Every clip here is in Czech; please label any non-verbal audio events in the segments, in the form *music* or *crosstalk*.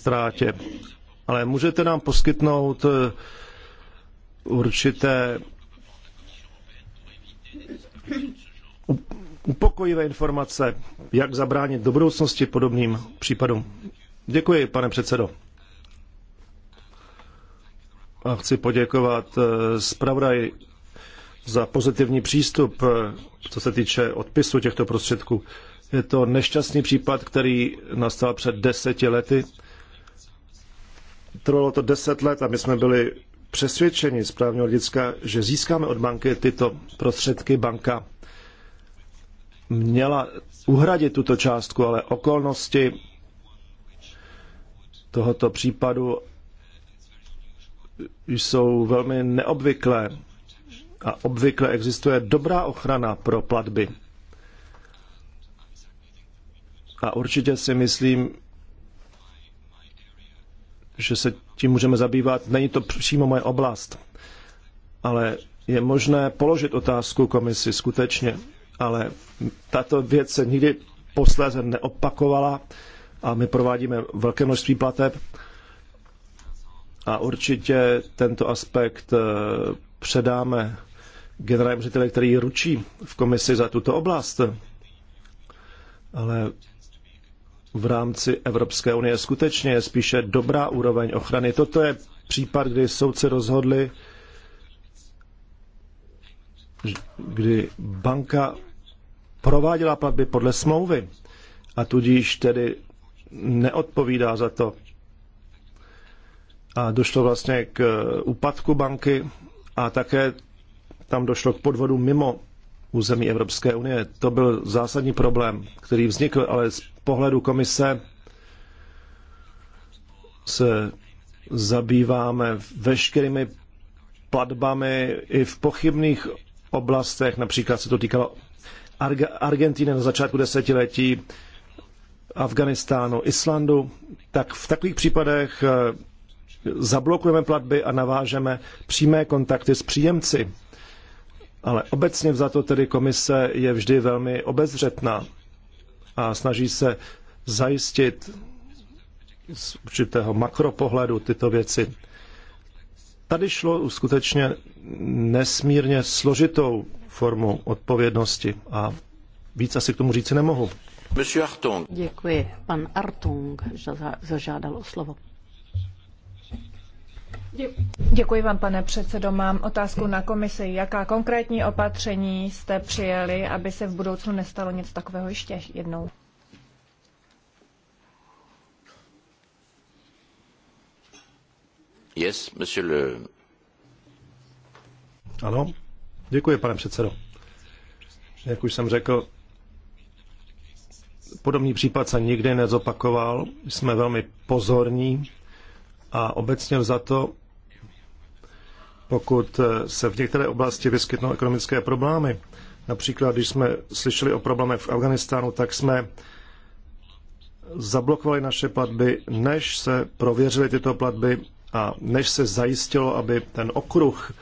ztrátě. Ale můžete nám poskytnout eh, určité upokojivé informace, jak zabránit do budoucnosti podobným případům. Děkuji, pane předsedo. A chci poděkovat eh, zpravodaj za pozitivní přístup, eh, co se týče odpisu těchto prostředků. Je to nešťastný případ, který nastal před deseti lety Trvalo to deset let a my jsme byli přesvědčeni z právního hlediska, že získáme od banky tyto prostředky. Banka měla uhradit tuto částku, ale okolnosti tohoto případu jsou velmi neobvyklé a obvykle existuje dobrá ochrana pro platby. A určitě si myslím, že se tím můžeme zabývat. Není to přímo moje oblast, ale je možné položit otázku komisi skutečně, ale tato věc se nikdy posléze neopakovala a my provádíme velké množství plateb a určitě tento aspekt eh, předáme generálním řediteli, který ručí v komisi za tuto oblast. Ale v rámci Evropské unie skutečně je spíše dobrá úroveň ochrany. Toto je případ, kdy soudci rozhodli, kdy banka prováděla platby podle smlouvy a tudíž tedy neodpovídá za to. A došlo vlastně k úpadku banky a také tam došlo k podvodu mimo území Evropské unie. To byl zásadní problém, který vznikl, ale z pohledu komise se zabýváme veškerými platbami i v pochybných oblastech, například se to týkalo Argentiny na začátku desetiletí, Afganistánu, Islandu, tak v takových případech eh, zablokujeme platby a navážeme přímé kontakty s příjemci ale obecně vzato tedy komise je vždy velmi obezřetná a snaží se zajistit z určitého makropohledu tyto věci. Tady šlo skutečně nesmírně složitou formu odpovědnosti a víc asi k tomu říci nemohu. Děkuji. Pan Artung zažádal o slovo. Děkuji vám, pane předsedo. Mám otázku na komisi. Jaká konkrétní opatření jste přijeli, aby se v budoucnu nestalo něco takového ještě jednou? Yes, monsieur le... Ano, děkuji, pane předsedo. Jak už jsem řekl, podobný případ se nikdy nezopakoval. Jsme velmi pozorní a obecně za to pokud eh, se v některé oblasti vyskytnou ekonomické problémy. Například, když jsme slyšeli o problémech v Afganistánu, tak jsme zablokovali naše platby, než se prověřily tyto platby a než se zajistilo, aby ten okruh,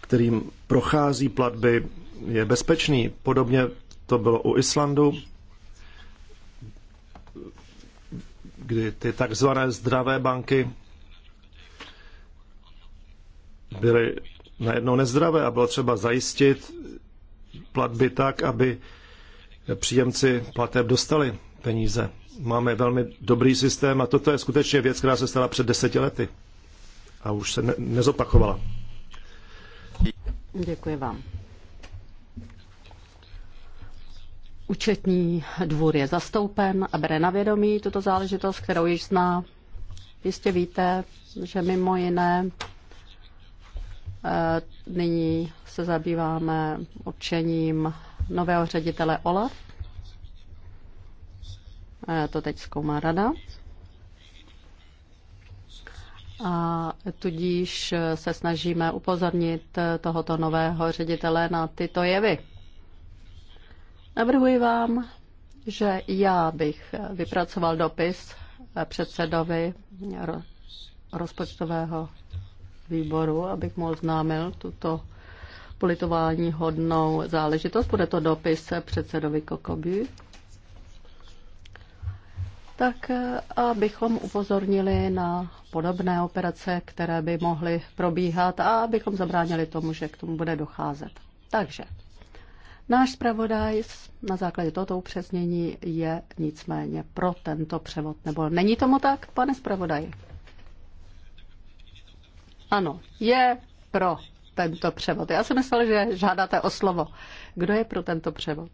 kterým prochází platby, je bezpečný. Podobně to bylo u Islandu, kdy ty takzvané zdravé banky byly najednou nezdravé a bylo třeba zajistit platby tak, aby příjemci plateb dostali peníze. Máme velmi dobrý systém a toto je skutečně věc, která se stala před deseti lety a už se ne- nezopakovala. Děkuji vám. Účetní dvůr je zastoupen a bere na vědomí tuto záležitost, kterou již zná. Jistě víte, že mimo jiné Eh, nyní se zabýváme určením nového ředitele OLAF. Eh, to teď zkoumá rada. A tudíž se snažíme upozornit tohoto nového ředitele na tyto jevy. Navrhuji vám, že já bych vypracoval dopis předsedovi rozpočtového výboru, abych mu oznámil tuto politování hodnou záležitost. Bude to dopis předsedovi Kokoby. Tak eh, abychom upozornili na podobné operace, které by mohly probíhat a abychom zabránili tomu, že k tomu bude docházet. Takže náš zpravodaj na základě tohoto upřesnění je nicméně pro tento převod. Nebo není tomu tak, pane zpravodaji? Ano, je pro tento převod. Já jsem myslel, že žádáte o slovo. Kdo je pro tento převod?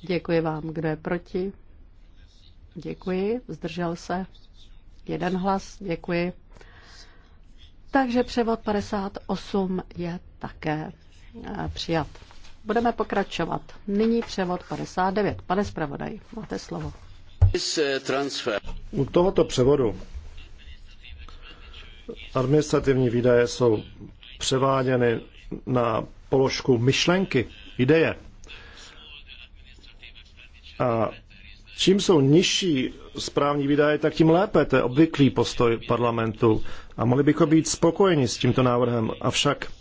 Děkuji vám. Kdo je proti? Děkuji. Zdržel se? Jeden hlas. Děkuji. Takže převod 58 je také eh, přijat. Budeme pokračovat. Nyní převod 59. Pane zpravodaj, máte slovo. Eh, U tohoto převodu administrativní výdaje jsou převáděny na položku myšlenky, ideje. A čím jsou nižší správní výdaje, tak tím lépe. To je obvyklý postoj parlamentu. A mohli bychom být spokojeni s tímto návrhem. Avšak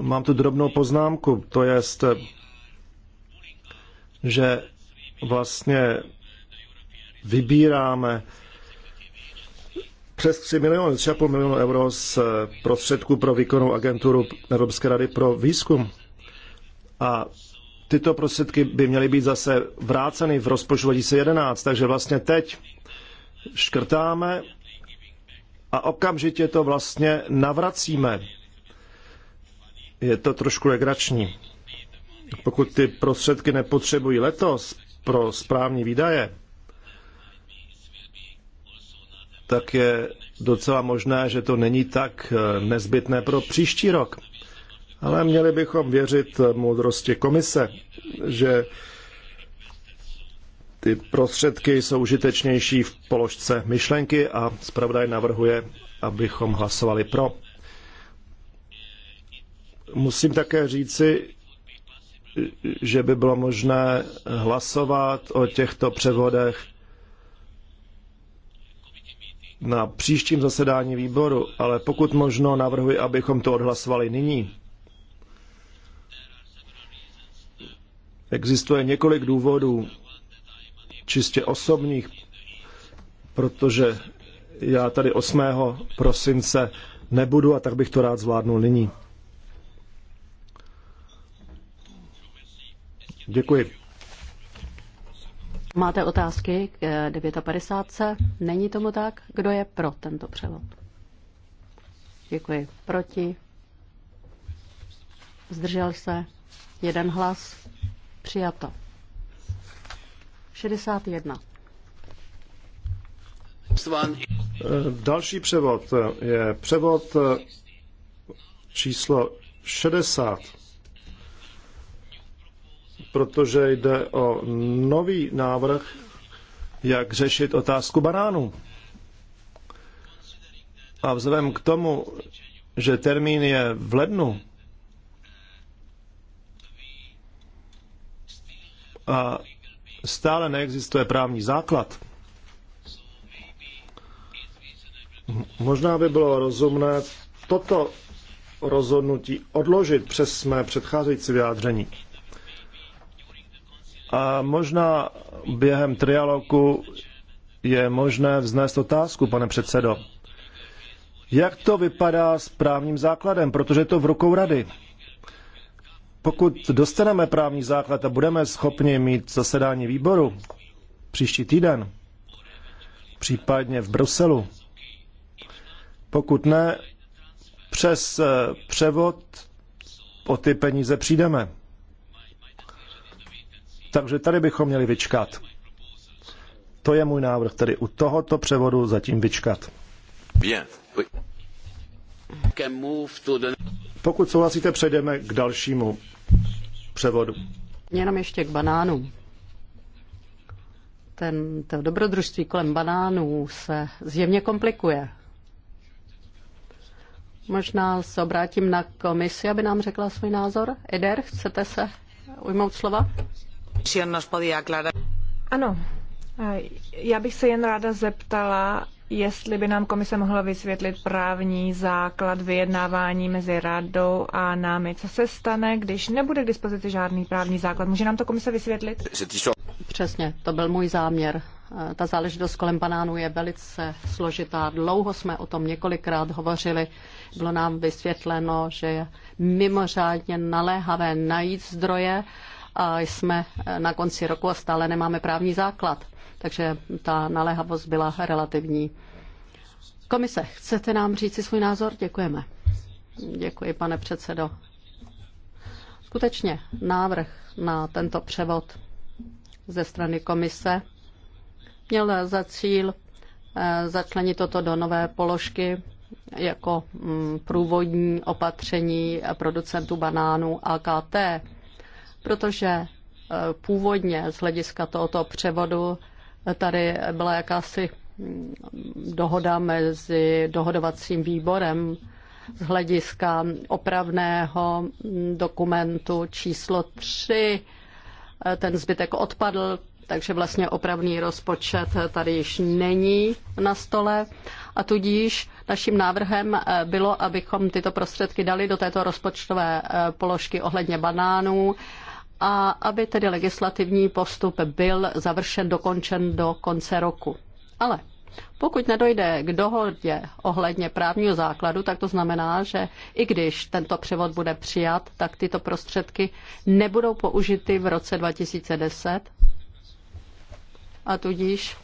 mám tu drobnou poznámku, to je, že vlastně vybíráme přes 3 miliony, 3,5 milionu euro z prostředků pro výkonnou agenturu Evropské rady pro výzkum. A tyto prostředky by měly být zase vráceny v rozpočtu 2011, takže vlastně teď škrtáme a okamžitě to vlastně navracíme. Je to trošku legrační. Pokud ty prostředky nepotřebují letos pro správní výdaje, tak je docela možné, že to není tak eh, nezbytné pro příští rok. Ale měli bychom věřit eh, moudrosti komise, že ty prostředky jsou užitečnější v položce myšlenky a zpravodaj navrhuje, abychom hlasovali pro. Musím také říci, že by bylo možné hlasovat o těchto převodech na příštím zasedání výboru, ale pokud možno navrhuji, abychom to odhlasovali nyní. Existuje několik důvodů, čistě osobních, protože já tady 8. prosince nebudu a tak bych to rád zvládnul nyní. Děkuji. Máte otázky k 59. Eh, Není tomu tak? Kdo je pro tento převod? Děkuji. Proti? Zdržel se? Jeden hlas? Přijato. 61. Další převod je převod číslo 60 protože jde o nový návrh, jak řešit otázku banánů. A vzhledem k tomu, že termín je v lednu, a stále neexistuje právní základ, možná by bylo rozumné toto rozhodnutí odložit přes mé předcházející vyjádření. A možná během trialogu je možné vznést otázku, pane předsedo. Jak to vypadá s právním základem? Protože je to v rukou rady. Pokud dostaneme právní základ a budeme schopni mít zasedání výboru příští týden, případně v Bruselu, pokud ne, přes eh, převod o ty peníze přijdeme. Takže tady bychom měli vyčkat. To je můj návrh, tedy u tohoto převodu zatím vyčkat. Pokud souhlasíte, přejdeme k dalšímu převodu. Jenom ještě k banánům. Ten, to dobrodružství kolem banánů se zjevně komplikuje. Možná se obrátím na komisi, aby nám řekla svůj názor. Eder, chcete se ujmout slova? Ano, já bych se jen ráda zeptala, jestli by nám komise mohla vysvětlit právní základ vyjednávání mezi radou a námi. Co se stane, když nebude k dispozici žádný právní základ? Může nám to komise vysvětlit? Přesně, to byl můj záměr. E, ta záležitost kolem banánů je velice složitá. Dlouho jsme o tom několikrát hovořili. Bylo nám vysvětleno, že je mimořádně naléhavé najít zdroje a jsme na konci roku a stále nemáme právní základ. Takže ta naléhavost byla relativní. Komise, chcete nám říci svůj názor? Děkujeme. Děkuji, pane předsedo. Skutečně návrh na tento převod ze strany komise měl za cíl eh, začlenit toto do nové položky jako mm, průvodní opatření producentů banánů AKT protože eh, původně z hlediska tohoto převodu eh, tady byla jakási mm, dohoda mezi dohodovacím výborem z hlediska opravného mm, dokumentu číslo 3. Eh, ten zbytek odpadl, takže vlastně opravný rozpočet tady již není na stole a tudíž naším návrhem bylo, abychom tyto prostředky dali do této rozpočtové položky ohledně banánů a aby tedy legislativní postup byl završen, dokončen do konce roku. Ale pokud nedojde k dohodě ohledně právního základu, tak to znamená, že i když tento převod bude přijat, tak tyto prostředky nebudou použity v roce 2010 a tudíž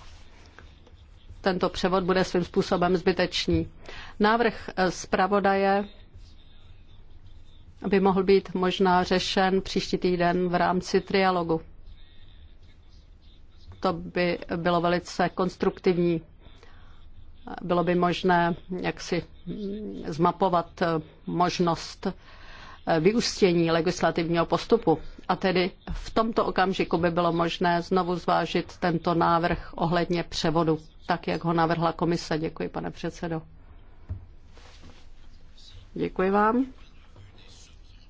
tento převod bude svým způsobem zbytečný. Návrh eh, zpravodaje by mohl být možná řešen příští týden v rámci trialogu. To by bylo velice konstruktivní. Bylo by možné jaksi mm, zmapovat eh, možnost eh, vyústění legislativního postupu. A tedy v tomto okamžiku by bylo možné znovu zvážit tento návrh ohledně převodu, tak jak ho navrhla komise. Děkuji, pane předsedo. Děkuji vám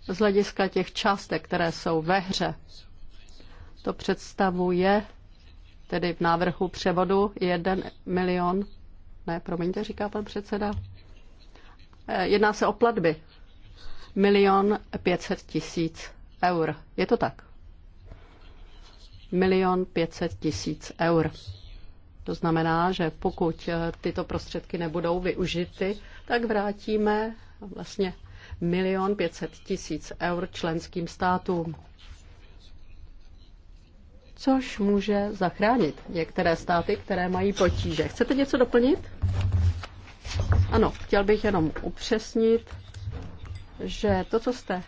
z hlediska těch částek, které jsou ve hře, to představuje tedy v návrhu převodu 1 milion, ne, promiňte, říká pan předseda, eh, jedná se o platby, milion 500 tisíc eur. Je to tak? Milion 500 tisíc eur. To znamená, že pokud eh, tyto prostředky nebudou využity, tak vrátíme vlastně milion 500 tisíc eur členským státům, což může zachránit některé státy, které mají potíže. Chcete něco doplnit? Ano, chtěl bych jenom upřesnit, že to, co jste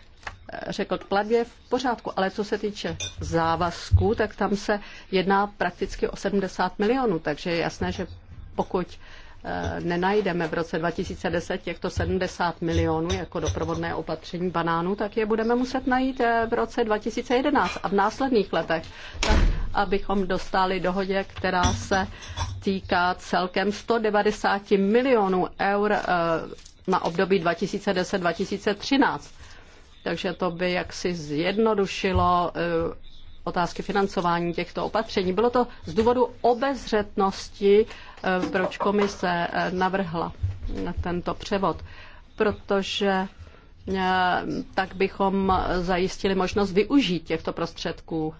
eh, řekl, k platbě, v pořádku, ale co se týče závazků, tak tam se jedná prakticky o 70 milionů, takže je jasné, že pokud Eh, nenajdeme v roce 2010 těchto 70 milionů jako doprovodné opatření banánů, tak je budeme muset najít eh, v roce 2011 a v následných letech, tak abychom dostali dohodě, která se týká celkem 190 milionů eur eh, na období 2010-2013. Takže to by jaksi zjednodušilo otázky financování těchto opatření. Bylo to z důvodu obezřetnosti, eh, proč komise eh, navrhla tento převod, protože eh, tak bychom zajistili možnost využít těchto prostředků.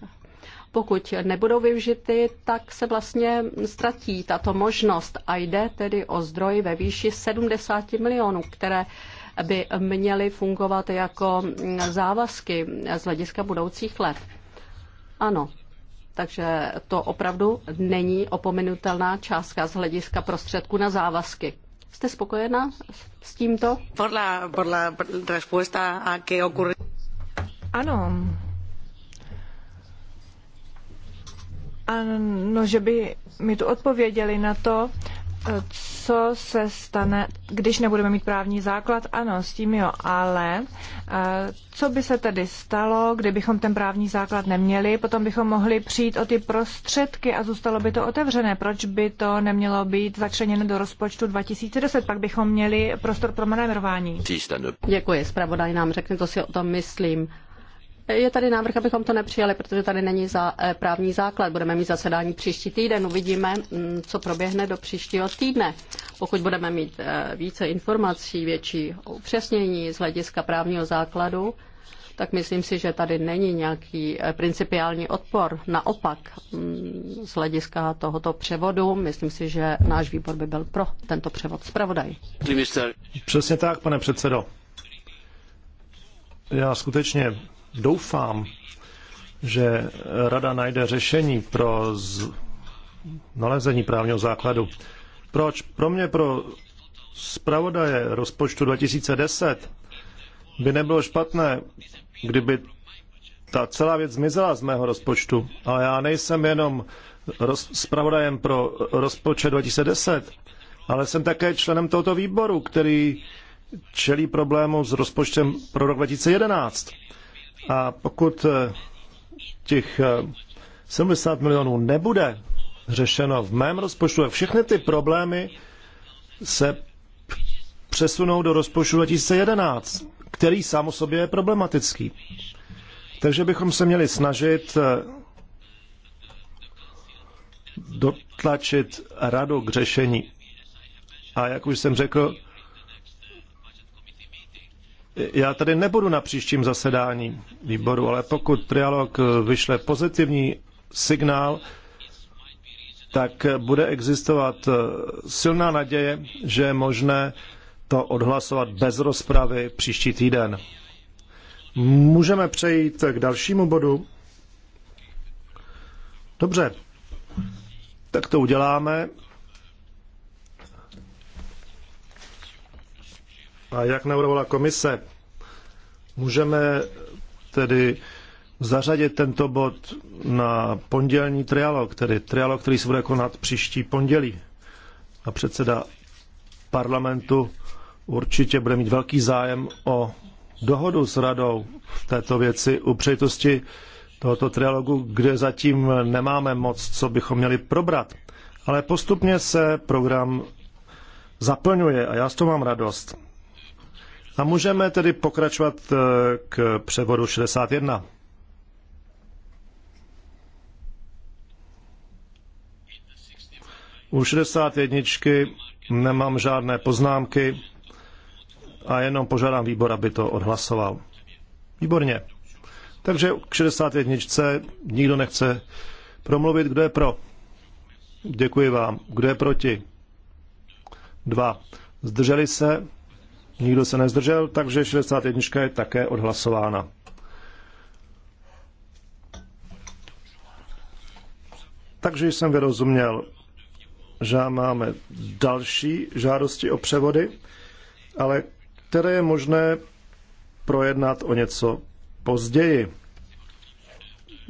Pokud nebudou využity, tak se vlastně ztratí tato možnost a jde tedy o zdroj ve výši 70 milionů, které by měly fungovat jako mm, závazky z hlediska budoucích let. Ano, takže to opravdu není opomenutelná částka z hlediska prostředku na závazky. Jste spokojená s tímto? Por la, respuesta a qué ocurre... Ano. Ano, no, že by mi tu odpověděli na to, eh, co se stane, když nebudeme mít právní základ? Ano, s tím jo, ale eh, co by se tedy stalo, kdybychom ten právní základ neměli? Potom bychom mohli přijít o ty prostředky a zůstalo by to otevřené. Proč by to nemělo být začleněno do rozpočtu 2010? Pak bychom měli prostor pro manévrování. Děkuji, zpravodaj nám řekne, co si o tom myslím je tady návrh, abychom to nepřijali, protože tady není za, eh, právní základ. Budeme mít zasedání příští týden, uvidíme, mm, co proběhne do příštího týdne. Pokud budeme mít eh, více informací, větší upřesnění z hlediska právního základu, tak myslím si, že tady není nějaký eh, principiální odpor. Naopak, mm, z hlediska tohoto převodu, myslím si, že náš výbor by byl pro tento převod. zpravodaj. Přesně tak, pane předsedo. Já skutečně doufám, že Rada najde řešení pro z... nalezení právního základu. Proč? Pro mě, pro zpravodaje rozpočtu 2010 by nebylo špatné, kdyby ta celá věc zmizela z mého rozpočtu. A já nejsem jenom roz, zpravodajem pro rozpočet 2010, ale jsem také členem tohoto výboru, který čelí problému s rozpočtem pro rok 2011. A pokud eh, těch 70 eh, milionů nebude řešeno v mém rozpočtu, a všechny ty problémy se přesunou do rozpočtu 2011, který sám o sobě je problematický. Takže bychom se měli snažit eh, dotlačit radu k řešení. A jak už jsem řekl, já tady nebudu na příštím zasedání výboru, ale pokud trialog vyšle pozitivní signál, tak bude existovat silná naděje, že je možné to odhlasovat bez rozpravy příští týden. Můžeme přejít k dalšímu bodu. Dobře, tak to uděláme. A jak navrhovala komise, můžeme tedy zařadit tento bod na pondělní trialog, tedy trialog, který se bude konat příští pondělí. A předseda parlamentu určitě bude mít velký zájem o dohodu s radou v této věci u přejitosti tohoto trialogu, kde zatím nemáme moc, co bychom měli probrat. Ale postupně se program zaplňuje a já z toho mám radost. A můžeme tedy pokračovat eh, k převodu 61. U 61 nemám žádné poznámky a jenom požádám výbor, aby to odhlasoval. Výborně. Takže k 61. nikdo nechce promluvit. Kdo je pro? Děkuji vám. Kdo je proti? Dva. Zdrželi se? Nikdo se nezdržel, takže 61 je také odhlasována. Takže jsem vyrozuměl, že máme další žádosti o převody, ale které je možné projednat o něco později.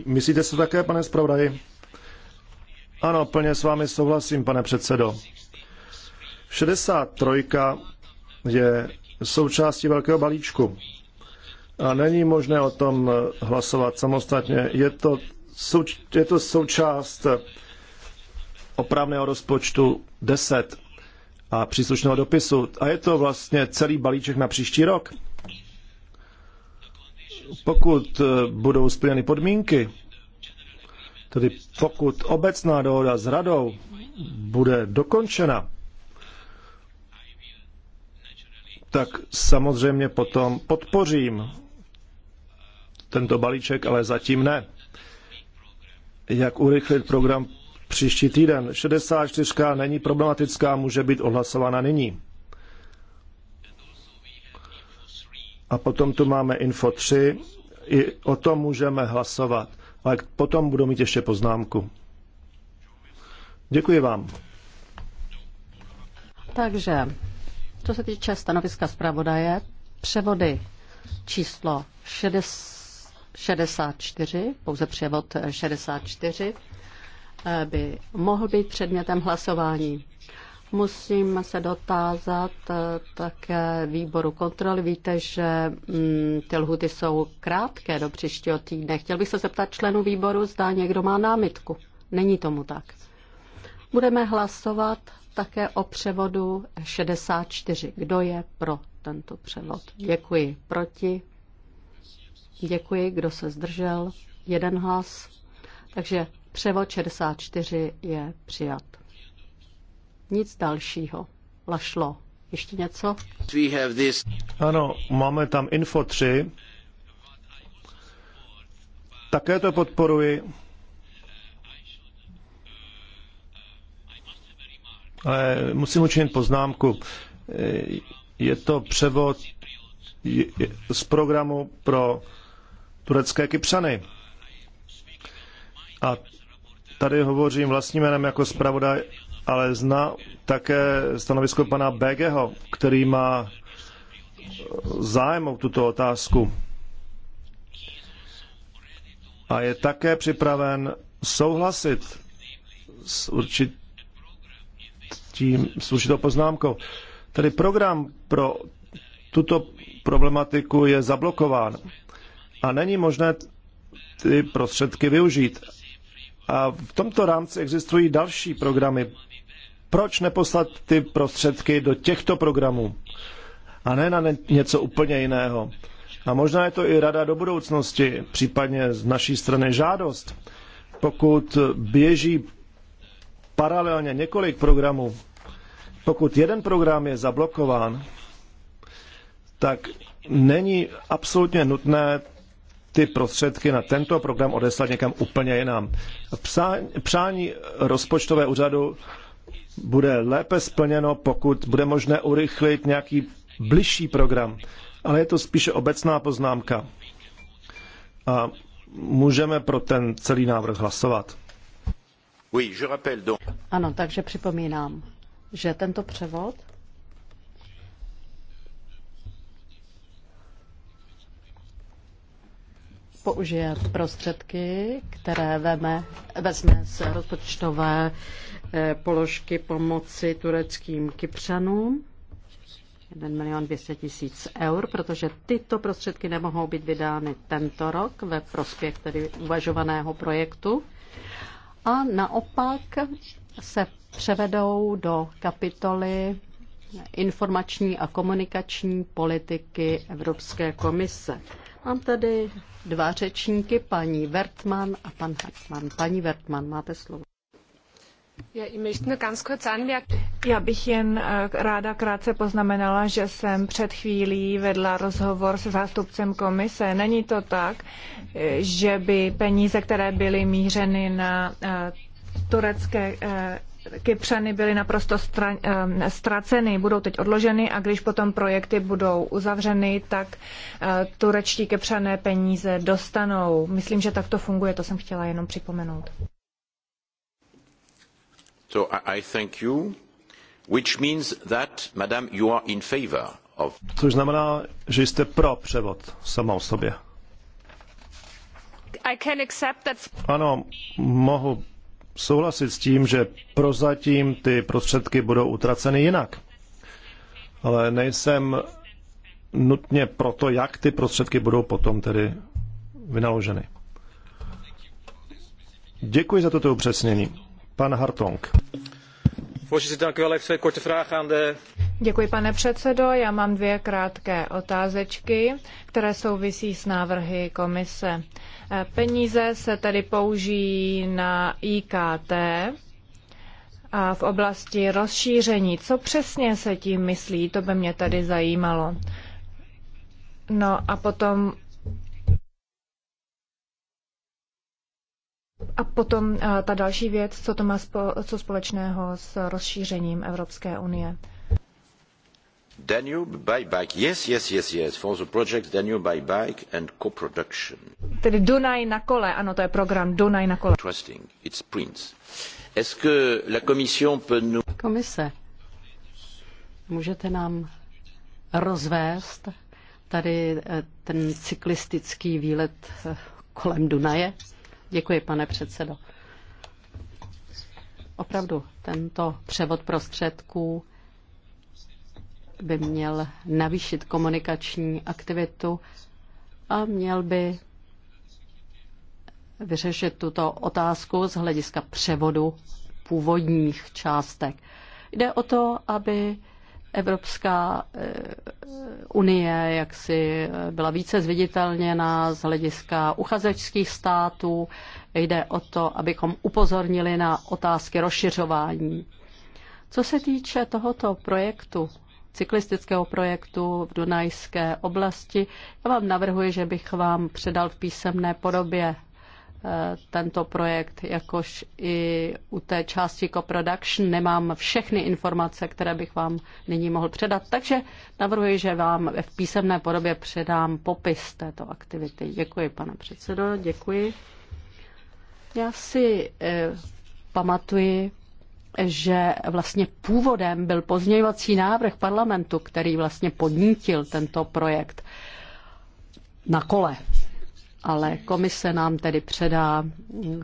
Myslíte se také, pane zpravodaji? Ano, plně s vámi souhlasím, pane předsedo. 63 je součástí velkého balíčku. A není možné o tom hlasovat samostatně. Je to, souč- je to součást opravného rozpočtu 10 a příslušného dopisu. A je to vlastně celý balíček na příští rok. Pokud eh, budou splněny podmínky, tedy pokud obecná dohoda s radou bude dokončena, tak samozřejmě potom podpořím tento balíček, ale zatím ne. Jak urychlit program příští týden? 64 není problematická, může být odhlasována nyní. A potom tu máme info 3, i o tom můžeme hlasovat, ale potom budu mít ještě poznámku. Děkuji vám. Takže co se týče stanoviska zpravodaje, převody číslo 60, 64, pouze převod 64, eh, by mohl být předmětem hlasování. Musím se dotázat eh, také výboru kontroly. Víte, že mm, ty lhuty jsou krátké do příštího týdne. Chtěl bych se zeptat členů výboru, zda někdo má námitku. Není tomu tak. Budeme hlasovat také o převodu 64. Kdo je pro tento převod? Děkuji. Proti? Děkuji. Kdo se zdržel? Jeden hlas. Takže převod 64 je přijat. Nic dalšího. Lašlo. Ještě něco? Ano, máme tam info 3. Také to podporuji. ale musím učinit poznámku. Je to převod z programu pro turecké Kypřany. A tady hovořím vlastním jménem jako zpravodaj, ale zná také stanovisko pana Begeho, který má zájem o tuto otázku. A je také připraven souhlasit s určitým tím s určitou poznámkou. Tedy program pro tuto problematiku je zablokován a není možné ty prostředky využít. A v tomto rámci existují další programy. Proč neposlat ty prostředky do těchto programů a ne na něco úplně jiného? A možná je to i rada do budoucnosti, případně z naší strany žádost. Pokud běží paralelně několik programů, pokud jeden program je zablokován, tak není absolutně nutné ty prostředky na tento program odeslat někam úplně jinam. Přání rozpočtové úřadu bude lépe splněno, pokud bude možné urychlit nějaký bližší program. Ale je to spíše obecná poznámka. A můžeme pro ten celý návrh hlasovat. Ano, takže připomínám, že tento převod použije prostředky, které veme, vezme z rozpočtové eh, položky pomoci tureckým Kypřanům. 1 milion 200 tisíc eur, protože tyto prostředky nemohou být vydány tento rok ve prospěch tedy uvažovaného projektu a naopak se převedou do kapitoly informační a komunikační politiky Evropské komise. Mám tady dva řečníky, paní Vertman a pan Hartmann. Paní Vertman, máte slovo. Já bych jen eh, ráda krátce poznamenala, že jsem před chvílí vedla rozhovor se zástupcem komise. Není to tak, eh, že by peníze, které byly mířeny na eh, turecké Kypřany byly naprosto ztraceny, budou teď odloženy a když potom projekty budou uzavřeny, tak turečtí Kypřané peníze dostanou. Myslím, že tak to funguje, to jsem chtěla jenom připomenout. So I, I thank you, which means that, madam, you are in favor of... Což znamená, že jste pro převod sama o sobě. I can accept that... Ano, mohu souhlasit s tím, že prozatím ty prostředky budou utraceny jinak. Ale nejsem nutně proto, jak ty prostředky budou potom tedy vynaloženy. Děkuji za toto upřesnění. Pan Hartong. Děkuji, pane předsedo. Já mám dvě krátké otázečky, které souvisí s návrhy komise. Eh, peníze se tedy použijí na IKT a v oblasti rozšíření. Co přesně se tím myslí, to by mě tady zajímalo. No a potom A potom eh, ta další věc, co to má co společného s rozšířením Evropské unie. Danube Bike, Yes, yes, yes, yes. For the project Danube Bike and co-production. Tedy Dunaj na kole, ano, to je program Dunaj na kole. Interesting. It's Prince. Est-ce que la commission peut nous... Komise, můžete nám rozvést tady eh, ten cyklistický výlet eh, kolem Dunaje? Děkuji, pane předsedo. Opravdu, tento převod prostředků by měl navýšit komunikační aktivitu a měl by vyřešit tuto otázku z hlediska převodu původních částek. Jde o to, aby Evropská eh, unie jaksi eh, byla více zviditelněna z hlediska uchazečských států. Jde o to, abychom upozornili na otázky rozšiřování. Co se týče tohoto projektu, cyklistického projektu v Dunajské oblasti, já vám navrhuji, že bych vám předal v písemné podobě Eh, tento projekt, jakož i u té části co-production nemám všechny informace, které bych vám nyní mohl předat. Takže navrhuji, že vám v písemné podobě předám popis této aktivity. Děkuji, pane předsedo, děkuji. Já si eh, pamatuji, že vlastně původem byl pozměňovací návrh parlamentu, který vlastně podnítil tento projekt na kole ale komise nám tedy předá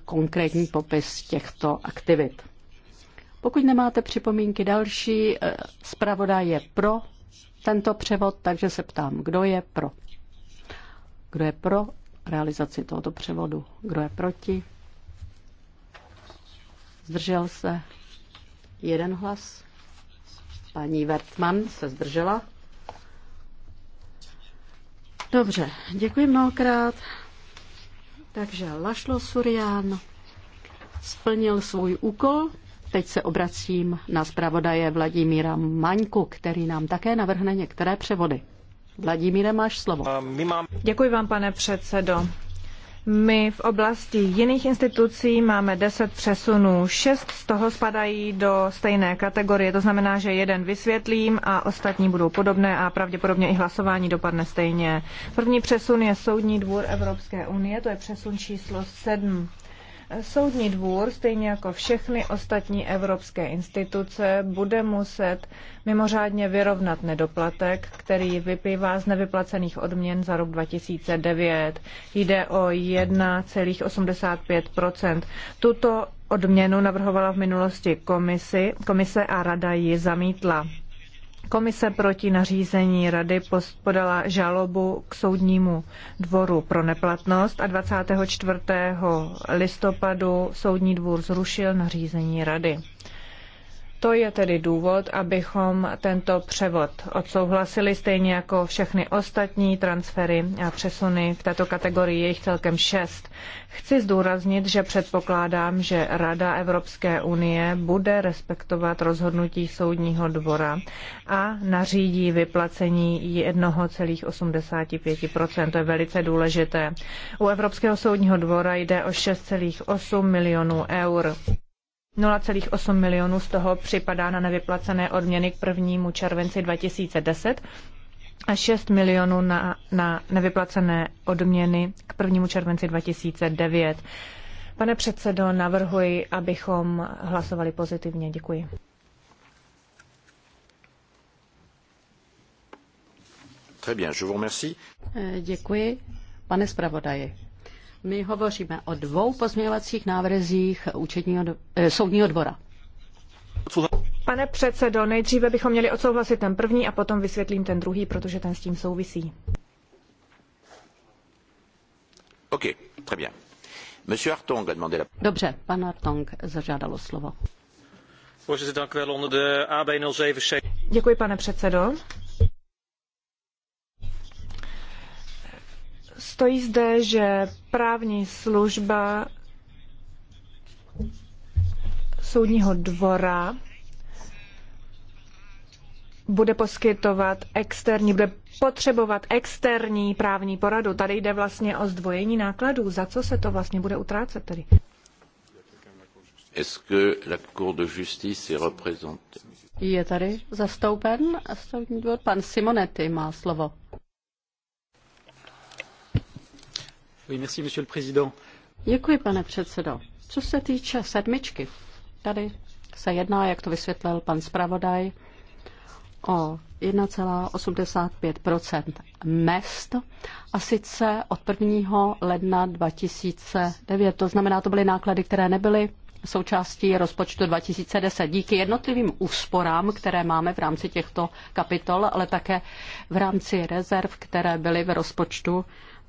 konkrétní popis těchto aktivit. Pokud nemáte připomínky další, eh, zpravodaj je pro tento převod, takže se ptám, kdo je pro? Kdo je pro realizaci tohoto převodu? Kdo je proti? Zdržel se jeden hlas. Paní Wertmann se zdržela. Dobře, děkuji mnohokrát. Takže Lašlo Surian splnil svůj úkol. Teď se obracím na zpravodaje Vladimíra Maňku, který nám také navrhne některé převody. Vladimíre, máš slovo. Děkuji vám, pane předsedo. My v oblasti jiných institucí máme deset přesunů. Šest z toho spadají do stejné kategorie, to znamená, že jeden vysvětlím a ostatní budou podobné a pravděpodobně i hlasování dopadne stejně. První přesun je Soudní dvůr Evropské unie, to je přesun číslo sedm. Soudní dvůr, stejně jako všechny ostatní evropské instituce, bude muset mimořádně vyrovnat nedoplatek, který vyplývá z nevyplacených odměn za rok 2009. Jde o 1,85 Tuto odměnu navrhovala v minulosti komisi, komise a rada ji zamítla. Komise proti nařízení rady podala žalobu k soudnímu dvoru pro neplatnost a 24. listopadu soudní dvůr zrušil nařízení rady. To je tedy důvod, abychom tento převod odsouhlasili, stejně jako všechny ostatní transfery a přesuny v této kategorii, jejich celkem šest. Chci zdůraznit, že předpokládám, že Rada Evropské unie bude respektovat rozhodnutí soudního dvora a nařídí vyplacení 1,85 To je velice důležité. U Evropského soudního dvora jde o 6,8 milionů eur. 0,8 milionů z toho připadá na nevyplacené odměny k 1. červenci 2010 a 6 milionů na, na nevyplacené odměny k 1. červenci 2009. Pane předsedo, navrhuji, abychom hlasovali pozitivně. Děkuji. Très bien, je vous remercie. Děkuji, pane zpravodaji. My hovoříme o dvou pozměňovacích návrzích účetního, eh, soudního dvora. Pane předsedo, nejdříve bychom měli odsouhlasit ten první a potom vysvětlím ten druhý, protože ten s tím souvisí. OK, très bien. Monsieur Artong a demandé la... Dobře, pan Artong zažádalo slovo. Děkuji, pane předsedo. Stojí zde, že právní služba soudního dvora bude poskytovat externí, bude potřebovat externí právní poradu. Tady jde vlastně o zdvojení nákladů. Za co se to vlastně bude utrácet tedy? Je tady zastoupen soudní dvor? Pan Simonetti má slovo. Děkuji, pane předsedo. Co se týče sedmičky, tady se jedná, jak to vysvětlil pan zpravodaj, o 1,85 mest a sice od 1. ledna 2009. To znamená, to byly náklady, které nebyly součástí rozpočtu 2010 díky jednotlivým úsporám, které máme v rámci těchto kapitol, ale také v rámci rezerv, které byly v rozpočtu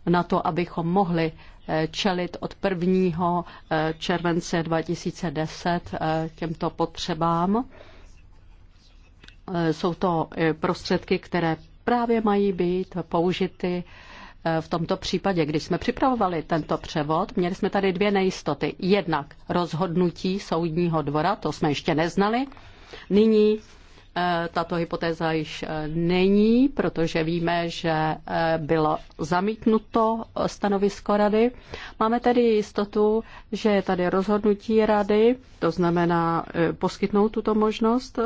na to, abychom mohli eh, čelit od 1. Eh, července 2010 eh, těmto potřebám. Jsou to prostředky, které právě mají být použity v tomto případě, když jsme připravovali tento převod, měli jsme tady dvě nejistoty. Jednak rozhodnutí soudního dvora, to jsme ještě neznali. Nyní Eh, tato hypotéza již eh, není, protože víme, že eh, bylo zamítnuto stanovisko rady. Máme tedy jistotu, že je tady rozhodnutí rady, to znamená poskytnout tuto možnost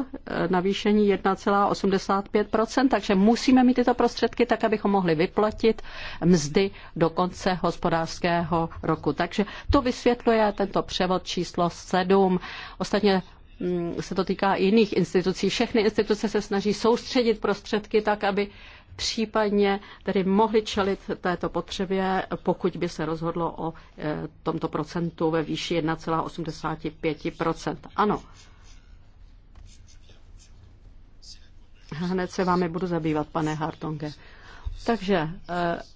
navýšení 1,85%, takže musíme mít tyto prostředky tak, abychom mohli vyplatit mzdy do konce hospodářského roku. Takže to vysvětluje tento převod číslo 7. Ostatně Mm, se to týká i jiných institucí. Všechny instituce se snaží soustředit prostředky tak, aby případně tedy mohli čelit této potřebě, pokud by se rozhodlo o e, tomto procentu ve výši 1,85 Ano. Hned se vámi budu zabývat, pane Hartonge. Takže e,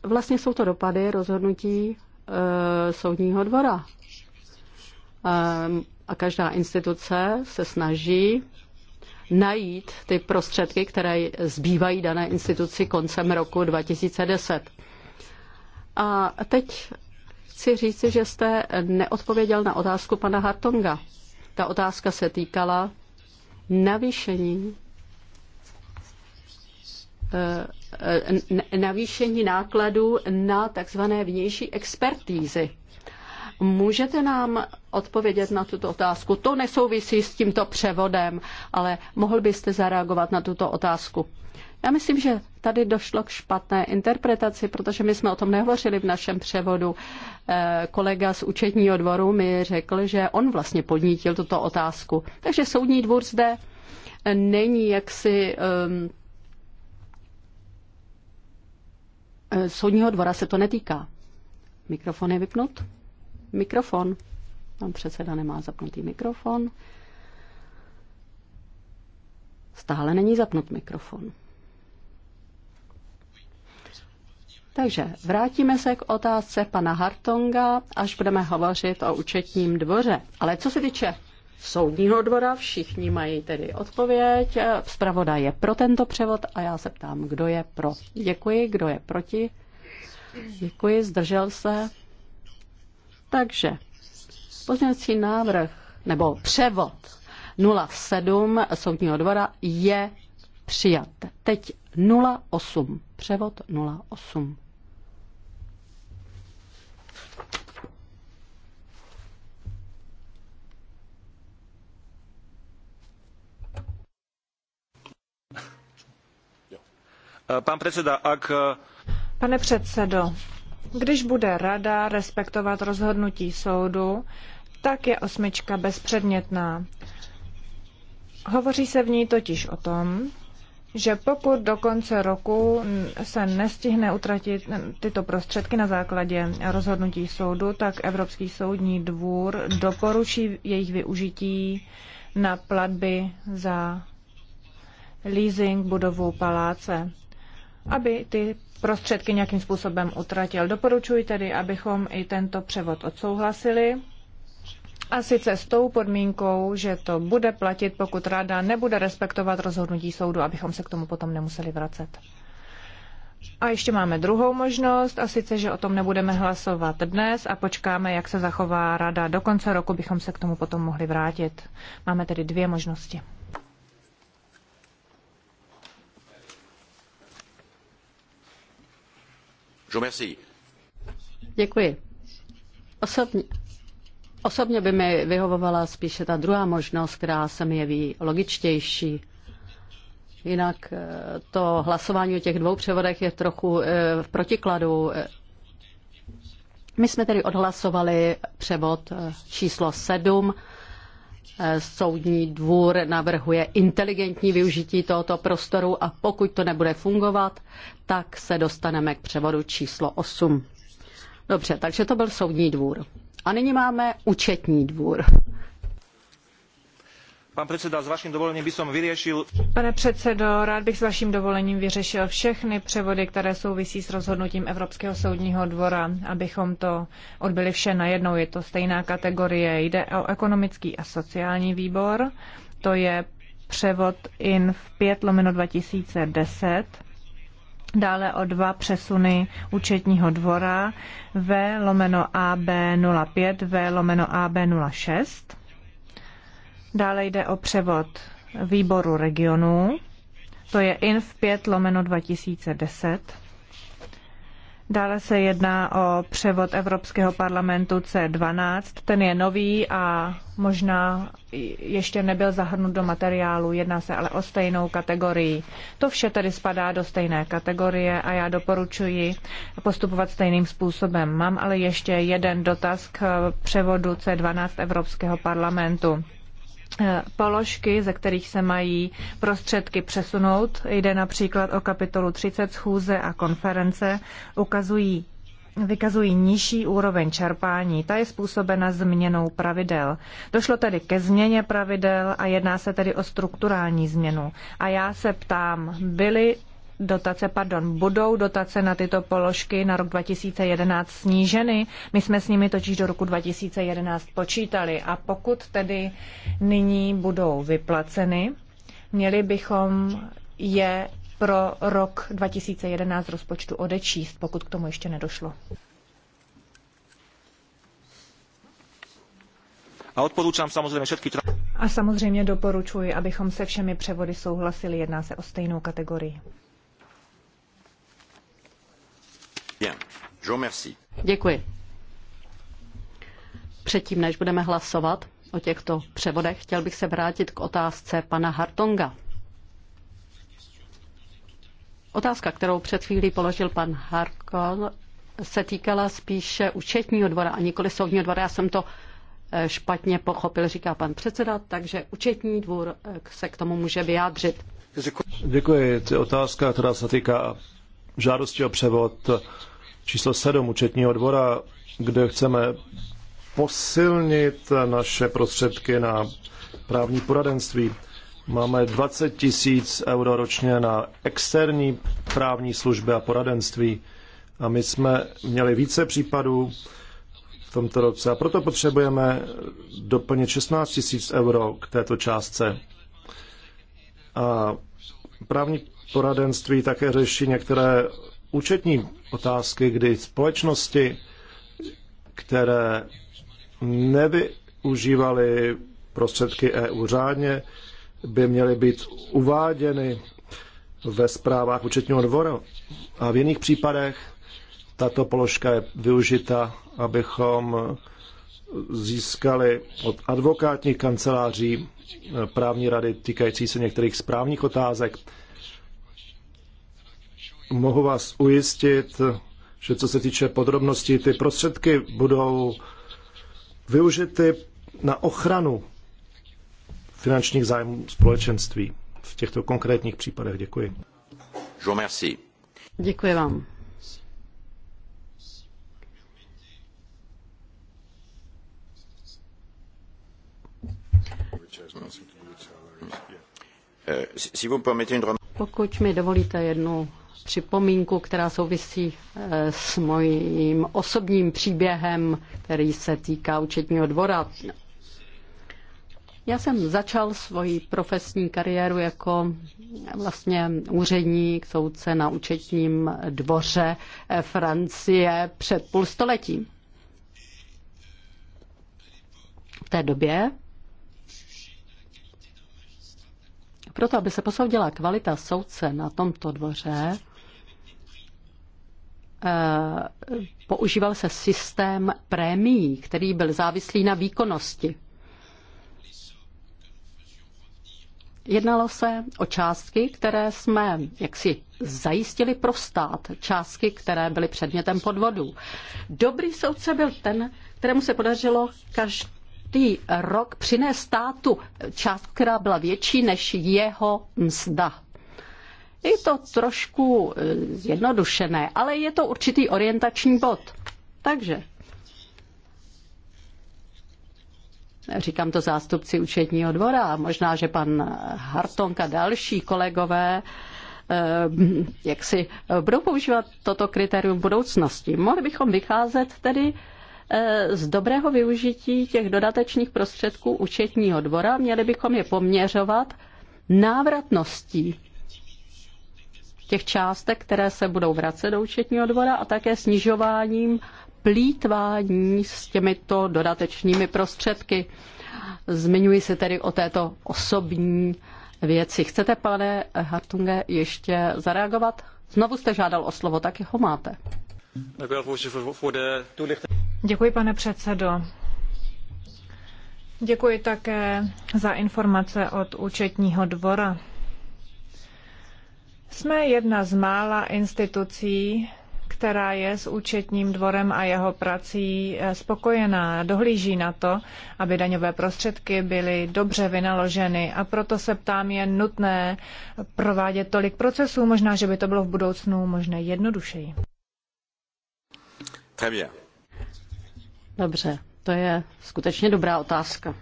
vlastně jsou to dopady rozhodnutí e, soudního dvora a každá instituce se snaží najít ty prostředky, které zbývají dané instituci koncem roku 2010. A teď chci říci, že jste neodpověděl na otázku pana Hartonga. Ta otázka se týkala navýšení eh, navýšení nákladů na takzvané vnější expertízy. Můžete nám odpovědět na tuto otázku? To nesouvisí s tímto převodem, ale mohl byste zareagovat na tuto otázku? Já myslím, že tady došlo k špatné interpretaci, protože my jsme o tom nehovořili v našem převodu. Eh, kolega z účetního dvoru mi řekl, že on vlastně podnítil tuto otázku. Takže soudní dvůr zde není jaksi. Um, soudního dvora se to netýká. Mikrofon je vypnut mikrofon. Pan předseda nemá zapnutý mikrofon. Stále není zapnut mikrofon. Takže vrátíme se k otázce pana Hartonga, až budeme hovořit o účetním dvoře. Ale co se týče soudního dvora, všichni mají tedy odpověď. Zpravoda je pro tento převod a já se ptám, kdo je pro. Děkuji, kdo je proti. Děkuji, zdržel se. Takže pozměňovací návrh nebo převod 07 soudního dvora je přijat. Teď 08. Převod 08. Pan předseda, ak... Pane předsedo, když bude rada respektovat rozhodnutí soudu, tak je osmička bezpředmětná. Hovoří se v ní totiž o tom, že pokud do konce roku se nestihne utratit tyto prostředky na základě rozhodnutí soudu, tak Evropský soudní dvůr doporučí jejich využití na platby za leasing budovu paláce, aby ty prostředky nějakým způsobem utratil. Doporučuji tedy, abychom i tento převod odsouhlasili. A sice s tou podmínkou, že to bude platit, pokud rada nebude respektovat rozhodnutí soudu, abychom se k tomu potom nemuseli vracet. A ještě máme druhou možnost, a sice, že o tom nebudeme hlasovat dnes a počkáme, jak se zachová rada. Do konce roku bychom se k tomu potom mohli vrátit. Máme tedy dvě možnosti. Děkuji. Osobně, osobně by mi vyhovovala spíše ta druhá možnost, která se mi jeví logičtější. Jinak eh, to hlasování o těch dvou převodech je trochu eh, v protikladu. My jsme tedy odhlasovali převod eh, číslo 7 Eh, soudní dvůr navrhuje inteligentní využití tohoto prostoru a pokud to nebude fungovat, tak se dostaneme k převodu číslo 8. Dobře, takže to byl soudní dvůr. A nyní máme účetní dvůr. Pane předsedo, rád bych s vaším dovolením vyřešil všechny převody, které souvisí s rozhodnutím Evropského soudního dvora, abychom to odbyli vše najednou. Je to stejná kategorie. Jde o ekonomický a sociální výbor. To je převod IN v thousand and 2010 dále o dva přesuny účetního dvora V lomeno AB05, V lomeno AB06 Dále jde o převod výboru regionů, to je INF 5 lomeno 2010. Dále se jedná o převod Evropského parlamentu C12. Ten je nový a možná ještě nebyl zahrnut do materiálu, jedná se ale o stejnou kategorii. To vše tedy spadá do stejné kategorie a já doporučuji postupovat stejným způsobem. Mám ale ještě jeden dotaz k převodu C12 Evropského parlamentu. Eh, položky, ze kterých se mají prostředky přesunout, jde například o kapitolu 30 schůze a konference, ukazují vykazují nižší úroveň čerpání. Ta je způsobena změnou pravidel. Došlo tedy ke změně pravidel a jedná se tedy o strukturální změnu. A já se ptám, byly dotace, pardon, budou dotace na tyto položky na rok 2011 sníženy. My jsme s nimi totiž do roku 2011 počítali a pokud tedy nyní budou vyplaceny, měli bychom je pro rok 2011 rozpočtu odečíst, pokud k tomu ještě nedošlo. A odporučám samozřejmě všetky... A samozřejmě doporučuji, abychom se všemi převody souhlasili, jedná se o stejnou kategorii. Děkuji. Předtím, než budeme hlasovat o těchto převodech, chtěl bych se vrátit k otázce pana Hartonga. Otázka, kterou před chvílí položil pan Harkon, se týkala spíše účetního dvora a nikoli soudního dvora. Já jsem to eh, špatně pochopil, říká pan předseda, takže účetní dvůr eh, se k tomu může vyjádřit. Děkuji. To je otázka, která se týká žádosti o převod číslo 7 účetního dvora, kde chceme posilnit naše prostředky na právní poradenství. Máme 20 tisíc euro ročně na externí právní služby a poradenství a my jsme měli více případů v tomto roce a proto potřebujeme doplnit 16 tisíc euro k této částce. A právní poradenství také řeší některé účetní otázky, kdy společnosti, které nevyužívaly prostředky EU řádně, by měly být uváděny ve zprávách účetního dvora. A v jiných případech tato položka je využita, abychom získali od advokátních kanceláří eh, právní rady týkající se některých správních otázek mohu vás ujistit, že co se týče podrobností, ty prostředky budou využity na ochranu finančních zájmů společenství. V těchto konkrétních případech děkuji. Děkuji vám. Euh, Pokud mi dovolíte jednu připomínku, která souvisí eh, s mojím osobním příběhem, který se týká účetního dvora. Já jsem začal svoji profesní kariéru jako eh, vlastně úředník, soudce na účetním dvoře eh, Francie před půl stoletím. V té době proto, aby se posoudila kvalita soudce na tomto dvoře, Eh, používal se systém prémií, který byl závislý na výkonnosti. Jednalo se o částky, které jsme jaksi zajistili pro stát, částky, které byly předmětem podvodů. Dobrý soudce byl ten, kterému se podařilo každý rok přinést státu částku, která byla větší než jeho mzda. Je to trošku eh, zjednodušené, ale je to určitý orientační bod. Takže říkám to zástupci účetního dvora, možná, že pan Hartonka a další kolegové eh, jak si eh, budou používat toto kritérium v budoucnosti. Mohli bychom vycházet tedy z dobrého využití těch dodatečných prostředků účetního dvora, měli bychom je poměřovat návratností těch částek, které se budou vracet do účetního dvora a také snižováním plítvání s těmito dodatečnými prostředky. Zmiňuji se tedy o této osobní věci. Chcete, pane Hartunge, ještě zareagovat? Znovu jste žádal o slovo, tak ho máte. Děkuji, pane předsedo. Děkuji také za informace od účetního dvora. Jsme jedna z mála institucí, která je s účetním dvorem a jeho prací eh, spokojená. Dohlíží na to, aby daňové prostředky byly dobře vynaloženy a proto se ptám, je nutné provádět tolik procesů, možná, že by to bylo v budoucnu možné jednodušeji. Dobře, to je skutečně dobrá otázka.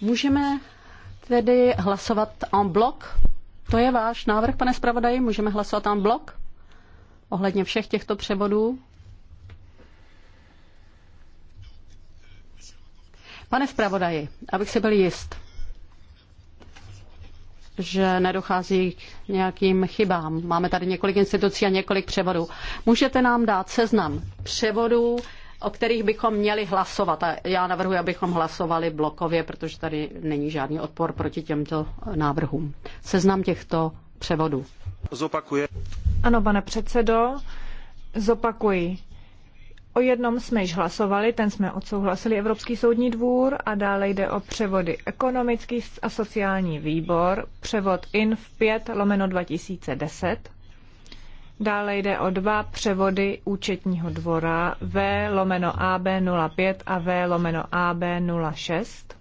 Můžeme tedy hlasovat en bloc? To je váš návrh, pane zpravodaji? Můžeme hlasovat en bloc? Ohledně všech těchto převodů? Pane zpravodaji, abych si byl jist, že nedochází k nějakým chybám. Máme tady několik institucí a několik převodů. Můžete nám dát seznam převodů, o kterých bychom měli hlasovat. A já navrhuji, abychom hlasovali blokově, protože tady není žádný odpor proti těmto návrhům. Seznam těchto převodů. Zopakuje. Ano, pane předsedo, zopakuji. O jednom jsme již hlasovali, ten jsme odsouhlasili Evropský soudní dvůr a dále jde o převody ekonomický a sociální výbor, převod INF 5 lomeno 2010. Dále jde o dva převody účetního dvora V lomeno AB05 a V lomeno AB06.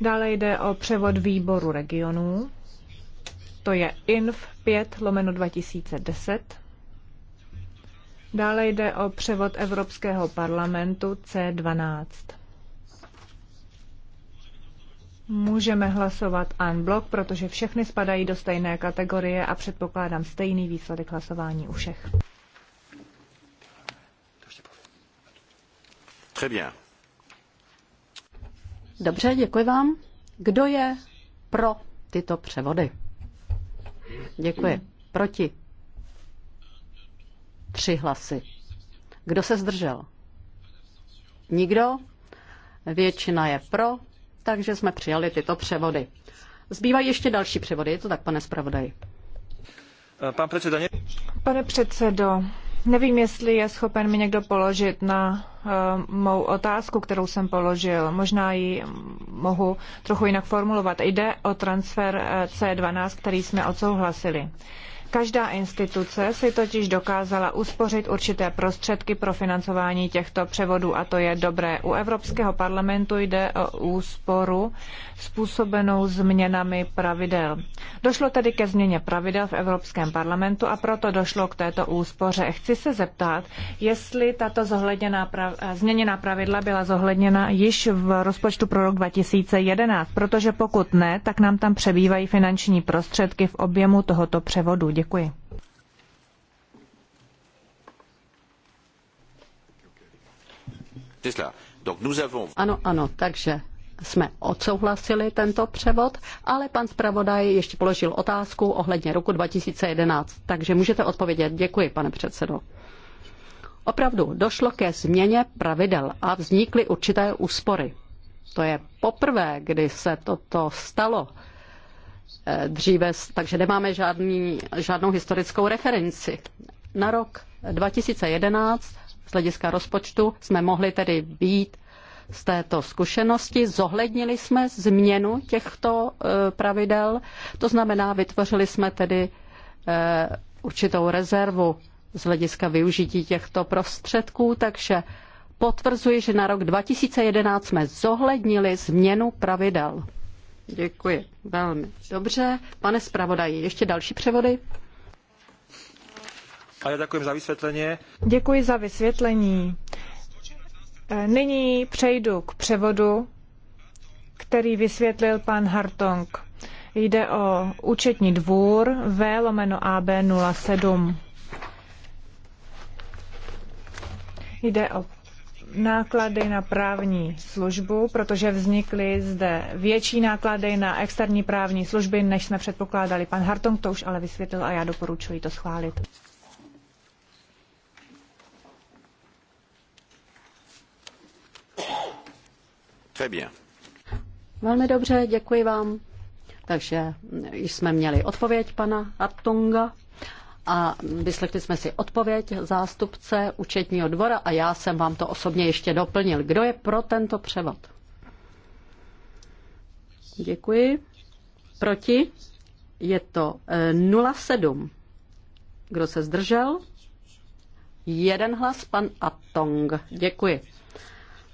Dále jde o převod výboru regionů. To je INF 5 lomeno 2010. Dále jde o převod Evropského parlamentu C12. Můžeme hlasovat en blok, protože všechny spadají do stejné kategorie a předpokládám stejný výsledek hlasování u všech. Dobře, děkuji vám. Kdo je pro tyto převody? Děkuji. Proti? Tři hlasy. Kdo se zdržel? Nikdo? Většina je pro, takže jsme přijali tyto převody. Zbývají ještě další převody, je to tak, pane zpravodaj? Pan předseda. Pane předsedo, nevím, jestli je schopen mi někdo položit na uh, mou otázku, kterou jsem položil. Možná ji mohu trochu jinak formulovat. Jde o transfer eh, C12, který jsme odsouhlasili. Uh, Každá instituce si totiž dokázala uspořit určité prostředky pro financování těchto převodů a to je dobré. U Evropského parlamentu jde o úsporu způsobenou změnami pravidel. Došlo tedy ke změně pravidel v Evropském parlamentu a proto došlo k této úspoře. Chci se zeptat, jestli tato zohledněná prav... změněná pravidla byla zohledněna již v rozpočtu pro rok 2011, protože pokud ne, tak nám tam přebývají finanční prostředky v objemu tohoto převodu. Děkuji. Děkuji. Ano, ano, takže jsme odsouhlasili tento převod, ale pan zpravodaj ještě položil otázku ohledně roku 2011, takže můžete odpovědět. Děkuji, pane předsedo. Opravdu došlo ke změně pravidel a vznikly určité úspory. To je poprvé, kdy se toto stalo Eh, dříve, takže nemáme žádný, žádnou historickou referenci. Na rok 2011 z hlediska rozpočtu jsme mohli tedy být z této zkušenosti. Zohlednili jsme změnu těchto eh, pravidel, to znamená, vytvořili jsme tedy eh, určitou rezervu z hlediska využití těchto prostředků, takže potvrzuji, že na rok 2011 jsme zohlednili změnu pravidel. Děkuji. Velmi dobře. Pane zpravodaji, ještě další převody? A já děkuji za vysvětlení. Děkuji za vysvětlení. E, nyní přejdu k převodu, který vysvětlil pan Hartong. Jde o účetní dvůr V lomeno AB07. Jde o náklady na právní službu, protože vznikly zde větší náklady na externí právní služby, než jsme předpokládali. Pan Hartong to už ale vysvětlil a já doporučuji to schválit. Très bien. Velmi dobře, děkuji vám. Takže jsme měli odpověď pana Hartonga a vyslechli jsme si odpověď zástupce účetního dvora a já jsem vám to osobně ještě doplnil. Kdo je pro tento převod? Děkuji. Proti? Je to 07. E, Kdo se zdržel? Jeden hlas, pan Atong. Děkuji.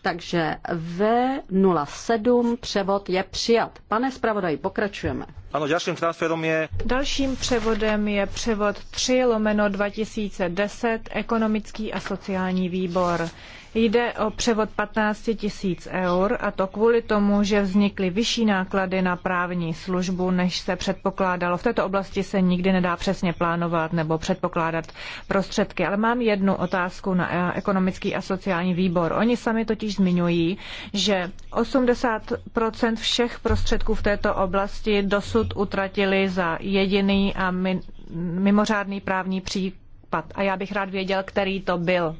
Takže V07 převod je přijat. Pane zpravodaji, pokračujeme. Ano, dalším transferem je... Dalším převodem je převod 3 lomeno 2010, ekonomický a sociální výbor. Jde o převod 15 tisíc eur a to kvůli tomu, že vznikly vyšší náklady na právní službu, než se předpokládalo. V této oblasti se nikdy nedá přesně plánovat nebo předpokládat prostředky. Ale mám jednu otázku na ekonomický a sociální výbor. Oni sami totiž zmiňují, že 80 všech prostředků v této oblasti dosud utratili za jediný a mimořádný právní případ. A já bych rád věděl, který to byl.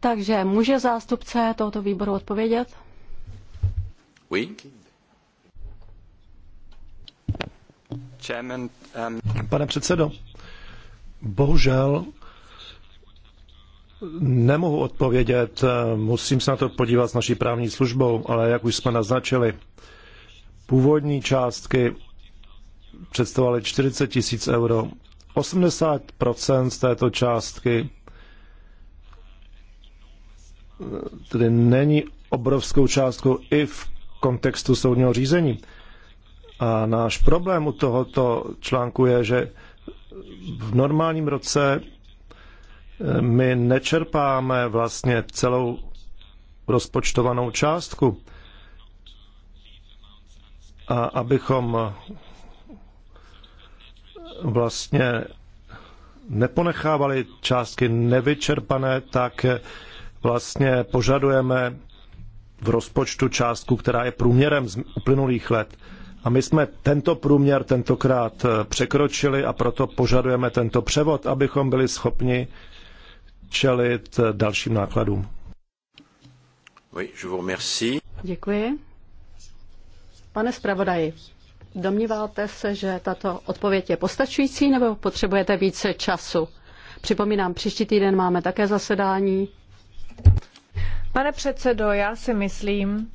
Takže může zástupce tohoto výboru odpovědět? Oui. Um, Pane předsedo, bohužel nemohu odpovědět, musím se na to podívat s naší právní službou, ale jak už jsme naznačili, původní částky představovaly 40 tisíc euro 80 z této částky tedy není obrovskou částkou i v kontextu soudního řízení. A náš problém u tohoto článku je, že v normálním roce eh, my nečerpáme vlastně celou rozpočtovanou částku. A abychom vlastně neponechávali částky nevyčerpané, tak vlastně požadujeme v rozpočtu částku, která je průměrem z uplynulých let. A my jsme tento průměr tentokrát eh, překročili a proto požadujeme tento převod, abychom byli schopni čelit eh, dalším nákladům. Děkuji. Pane zpravodaji, Domníváte se, že tato odpověď je postačující nebo potřebujete více času? Připomínám, příští týden máme také zasedání. Pane předsedo, já si myslím,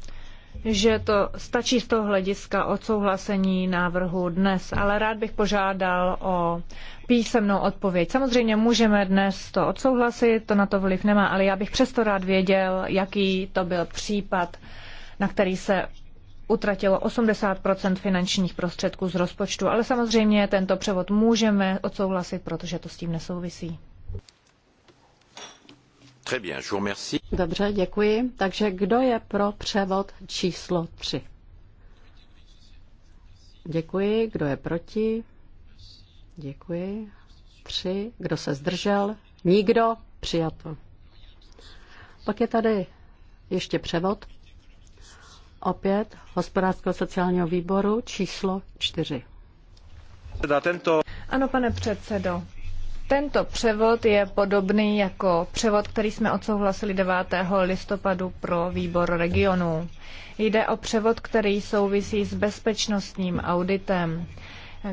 že to stačí z toho hlediska odsouhlasení návrhu dnes, ale rád bych požádal o písemnou odpověď. Samozřejmě můžeme dnes to odsouhlasit, to na to vliv nemá, ale já bych přesto rád věděl, jaký to byl případ, na který se utratilo 80 finančních prostředků z rozpočtu, ale samozřejmě tento převod můžeme odsouhlasit, protože to s tím nesouvisí. Dobře, děkuji. Takže kdo je pro převod číslo 3? Děkuji. Kdo je proti? Děkuji. Tři. Kdo se zdržel? Nikdo. Přijato. Pak je tady ještě převod opět hospodářského sociálního výboru číslo 4. Tento... Ano, pane předsedo. Tento převod je podobný jako převod, který jsme odsouhlasili 9. listopadu pro výbor regionů. Jde o převod, který souvisí s bezpečnostním auditem,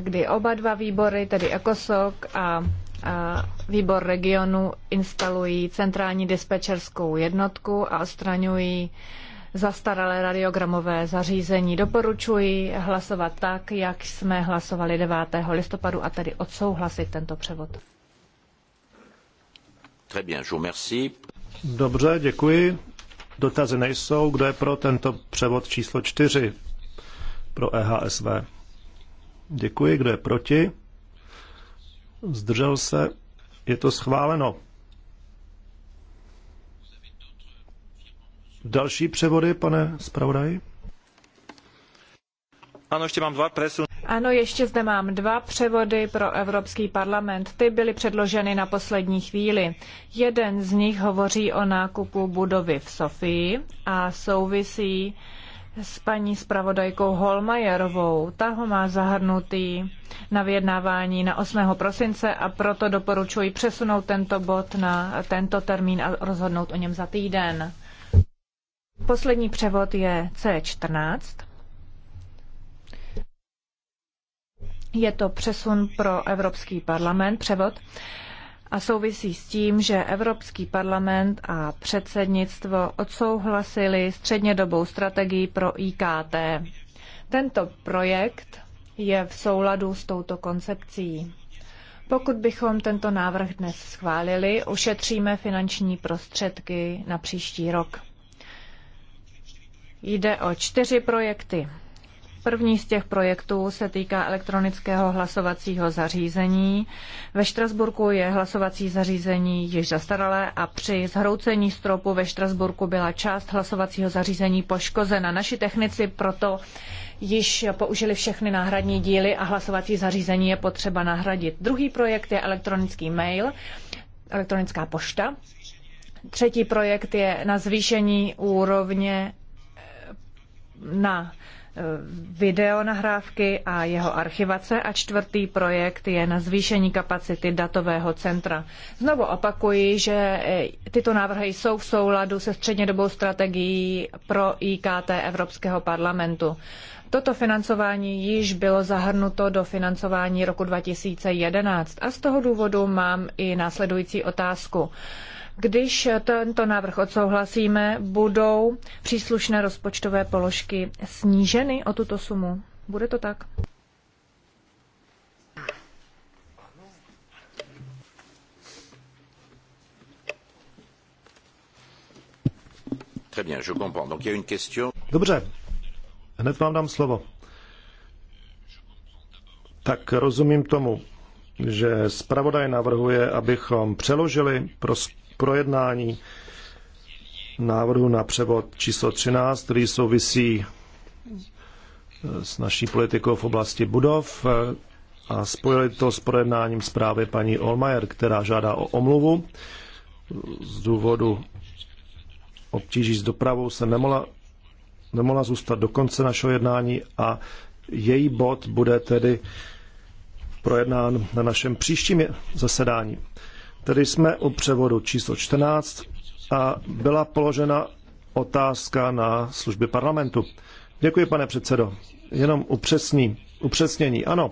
kdy oba dva výbory, tedy ECOSOC a výbor regionu instalují centrální dispečerskou jednotku a odstraňují zastaralé radiogramové zařízení. Doporučuji hlasovat tak, jak jsme hlasovali 9. listopadu a tedy odsouhlasit tento převod. Dobře, děkuji. Dotazy nejsou. Kdo je pro tento převod číslo 4 pro EHSV? Děkuji. Kdo je proti? Zdržel se? Je to schváleno. Další převody, pane zpravodaj? Ano, ještě mám dva presuny. Ano, ještě zde mám dva převody pro Evropský parlament. Ty byly předloženy na poslední chvíli. Jeden z nich hovoří o nákupu budovy v Sofii a souvisí s paní zpravodajkou Holmajerovou. Ta ho má zahrnutý na vyjednávání na 8. prosince a proto doporučuji přesunout tento bod na tento termín a rozhodnout o něm za týden. Poslední převod je C14. Je to přesun pro Evropský parlament, převod, a souvisí s tím, že Evropský parlament a předsednictvo odsouhlasili střednědobou strategii pro IKT. Tento projekt je v souladu s touto koncepcí. Pokud bychom tento návrh dnes schválili, ušetříme finanční prostředky na příští rok. Jde o čtyři projekty. První z těch projektů se týká elektronického hlasovacího zařízení. Ve Štrasburku je hlasovací zařízení již zastaralé a při zhroucení stropu ve Štrasburku byla část hlasovacího zařízení poškozena. Naši technici proto již použili všechny náhradní díly a hlasovací zařízení je potřeba nahradit. Druhý projekt je elektronický mail, elektronická pošta. Třetí projekt je na zvýšení úrovně na e, videonahrávky a jeho archivace a čtvrtý projekt je na zvýšení kapacity datového centra. Znovu opakuji, že e, tyto návrhy jsou v souladu se střednědobou strategií pro IKT Evropského parlamentu. Toto financování již bylo zahrnuto do financování roku 2011 a z toho důvodu mám i následující otázku. Když tento návrh odsouhlasíme, budou příslušné rozpočtové položky sníženy o tuto sumu. Bude to tak? Dobře, hned vám dám slovo. Tak rozumím tomu, že zpravodaj navrhuje, abychom přeložili pro projednání návrhu na převod číslo 13, který souvisí eh, s naší politikou v oblasti budov eh, a spojili to s projednáním zprávy paní Olmajer, která žádá o omluvu. Z důvodu obtíží s dopravou se nemohla, nemohla zůstat do konce našeho jednání a její bod bude tedy projednán na našem příštím zasedání. Tedy jsme u převodu číslo 14 a byla položena otázka na služby parlamentu. Děkuji, pane předsedo. Jenom upřesní, upřesnění. Ano,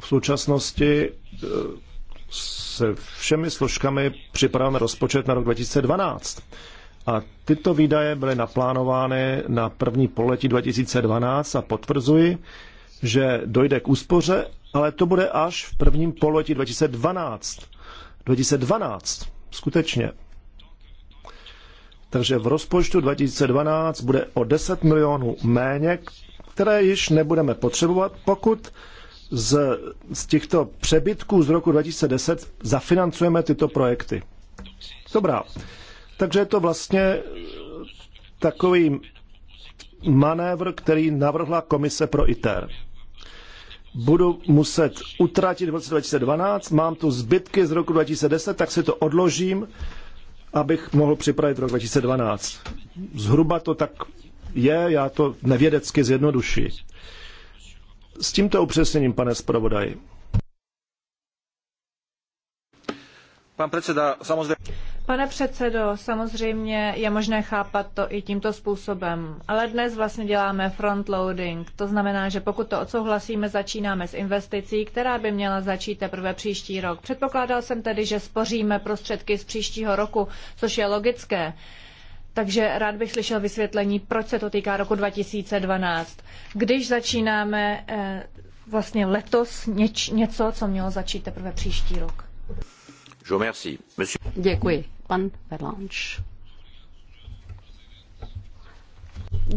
v současnosti eh, se všemi složkami připravujeme rozpočet na rok 2012. A tyto výdaje byly naplánovány na první poletí 2012 a potvrzuji, že dojde k úspoře ale to bude až v prvním pololetí 2012. 2012, skutečně. Takže v rozpočtu 2012 bude o 10 milionů méně, které již nebudeme potřebovat, pokud z, z těchto přebytků z roku 2010 zafinancujeme tyto projekty. Dobrá. Takže je to vlastně takový manévr, který navrhla komise pro ITER budu muset utratit v roce 2012, mám tu zbytky z roku 2010, tak si to odložím, abych mohl připravit rok 2012. Zhruba to tak je, já to nevědecky zjednoduši. S tímto upřesněním, pane zpravodaji. Pan předseda, samozřejmě. Pane předsedo, samozřejmě je možné chápat to i tímto způsobem, ale dnes vlastně děláme frontloading. To znamená, že pokud to odsouhlasíme, začínáme s investicí, která by měla začít teprve příští rok. Předpokládal jsem tedy, že spoříme prostředky z příštího roku, což je logické. Takže rád bych slyšel vysvětlení, proč se to týká roku 2012. Když začínáme eh, vlastně letos něč, něco, co mělo začít teprve příští rok. Děkuji. Pan Perlanč.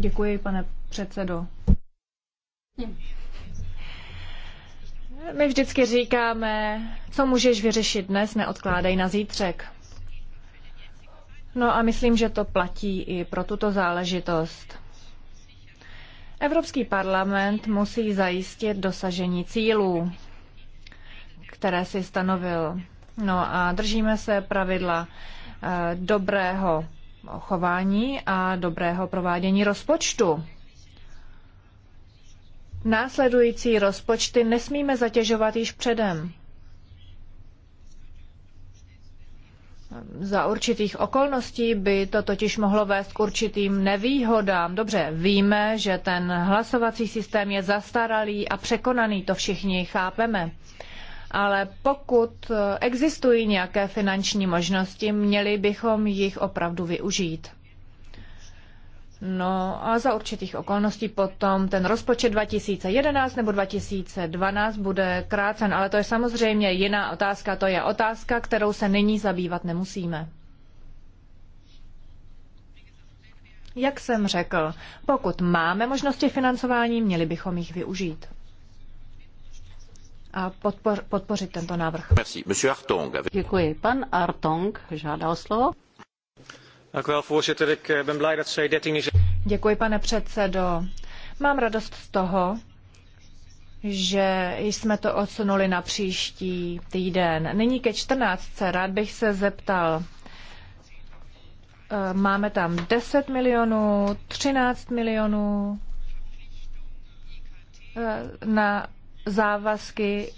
Děkuji, pane předsedo. My vždycky říkáme, co můžeš vyřešit dnes, neodkládej na zítřek. No a myslím, že to platí i pro tuto záležitost. Evropský parlament musí zajistit dosažení cílů, které si stanovil. No a držíme se pravidla eh, dobrého chování a dobrého provádění rozpočtu. Následující rozpočty nesmíme zatěžovat již předem. Za určitých okolností by to totiž mohlo vést k určitým nevýhodám. Dobře, víme, že ten hlasovací systém je zastaralý a překonaný, to všichni chápeme ale pokud existují nějaké finanční možnosti, měli bychom jich opravdu využít. No a za určitých okolností potom ten rozpočet 2011 nebo 2012 bude krácen, ale to je samozřejmě jiná otázka, to je otázka, kterou se nyní zabývat nemusíme. Jak jsem řekl, pokud máme možnosti financování, měli bychom jich využít a podpor, podpořit tento návrh. Děkuji. Pan Artong o slovo. Eh, Děkuji, pane předsedo. Mám radost z toho, že jsme to odsunuli na příští týden. Nyní ke 14. Rád bych se zeptal, eh, máme tam 10 milionů, 13 milionů eh, na závazky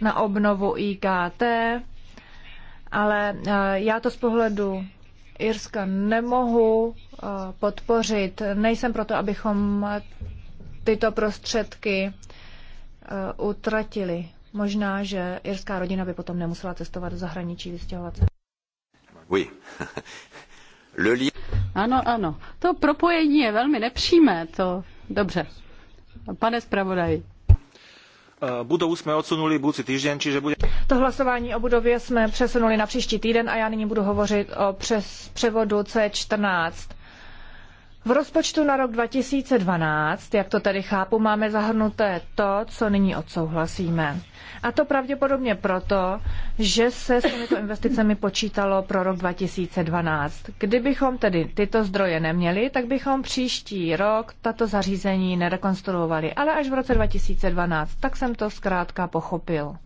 na obnovu IKT, ale eh, já to z pohledu Irska nemohu eh, podpořit. Nejsem proto, abychom tyto prostředky eh, utratili. Možná, že irská rodina by potom nemusela cestovat do zahraničí, vystěhovat se. Oui. *laughs* Le li... Ano, ano. To propojení je velmi nepřímé. To dobře. Pane zpravodaji. Eh, budovu jsme odsunuli budoucí týden, čiže bude... To hlasování o budově jsme přesunuli na příští týden a já nyní budu hovořit o přes, převodu C14. V rozpočtu na rok 2012, jak to tedy chápu, máme zahrnuté to, co nyní odsouhlasíme. A to pravděpodobně proto, že se s těmito investicemi počítalo pro rok 2012. Kdybychom tedy tyto zdroje neměli, tak bychom příští rok tato zařízení nerekonstruovali, ale až v roce 2012. Tak jsem to zkrátka pochopil.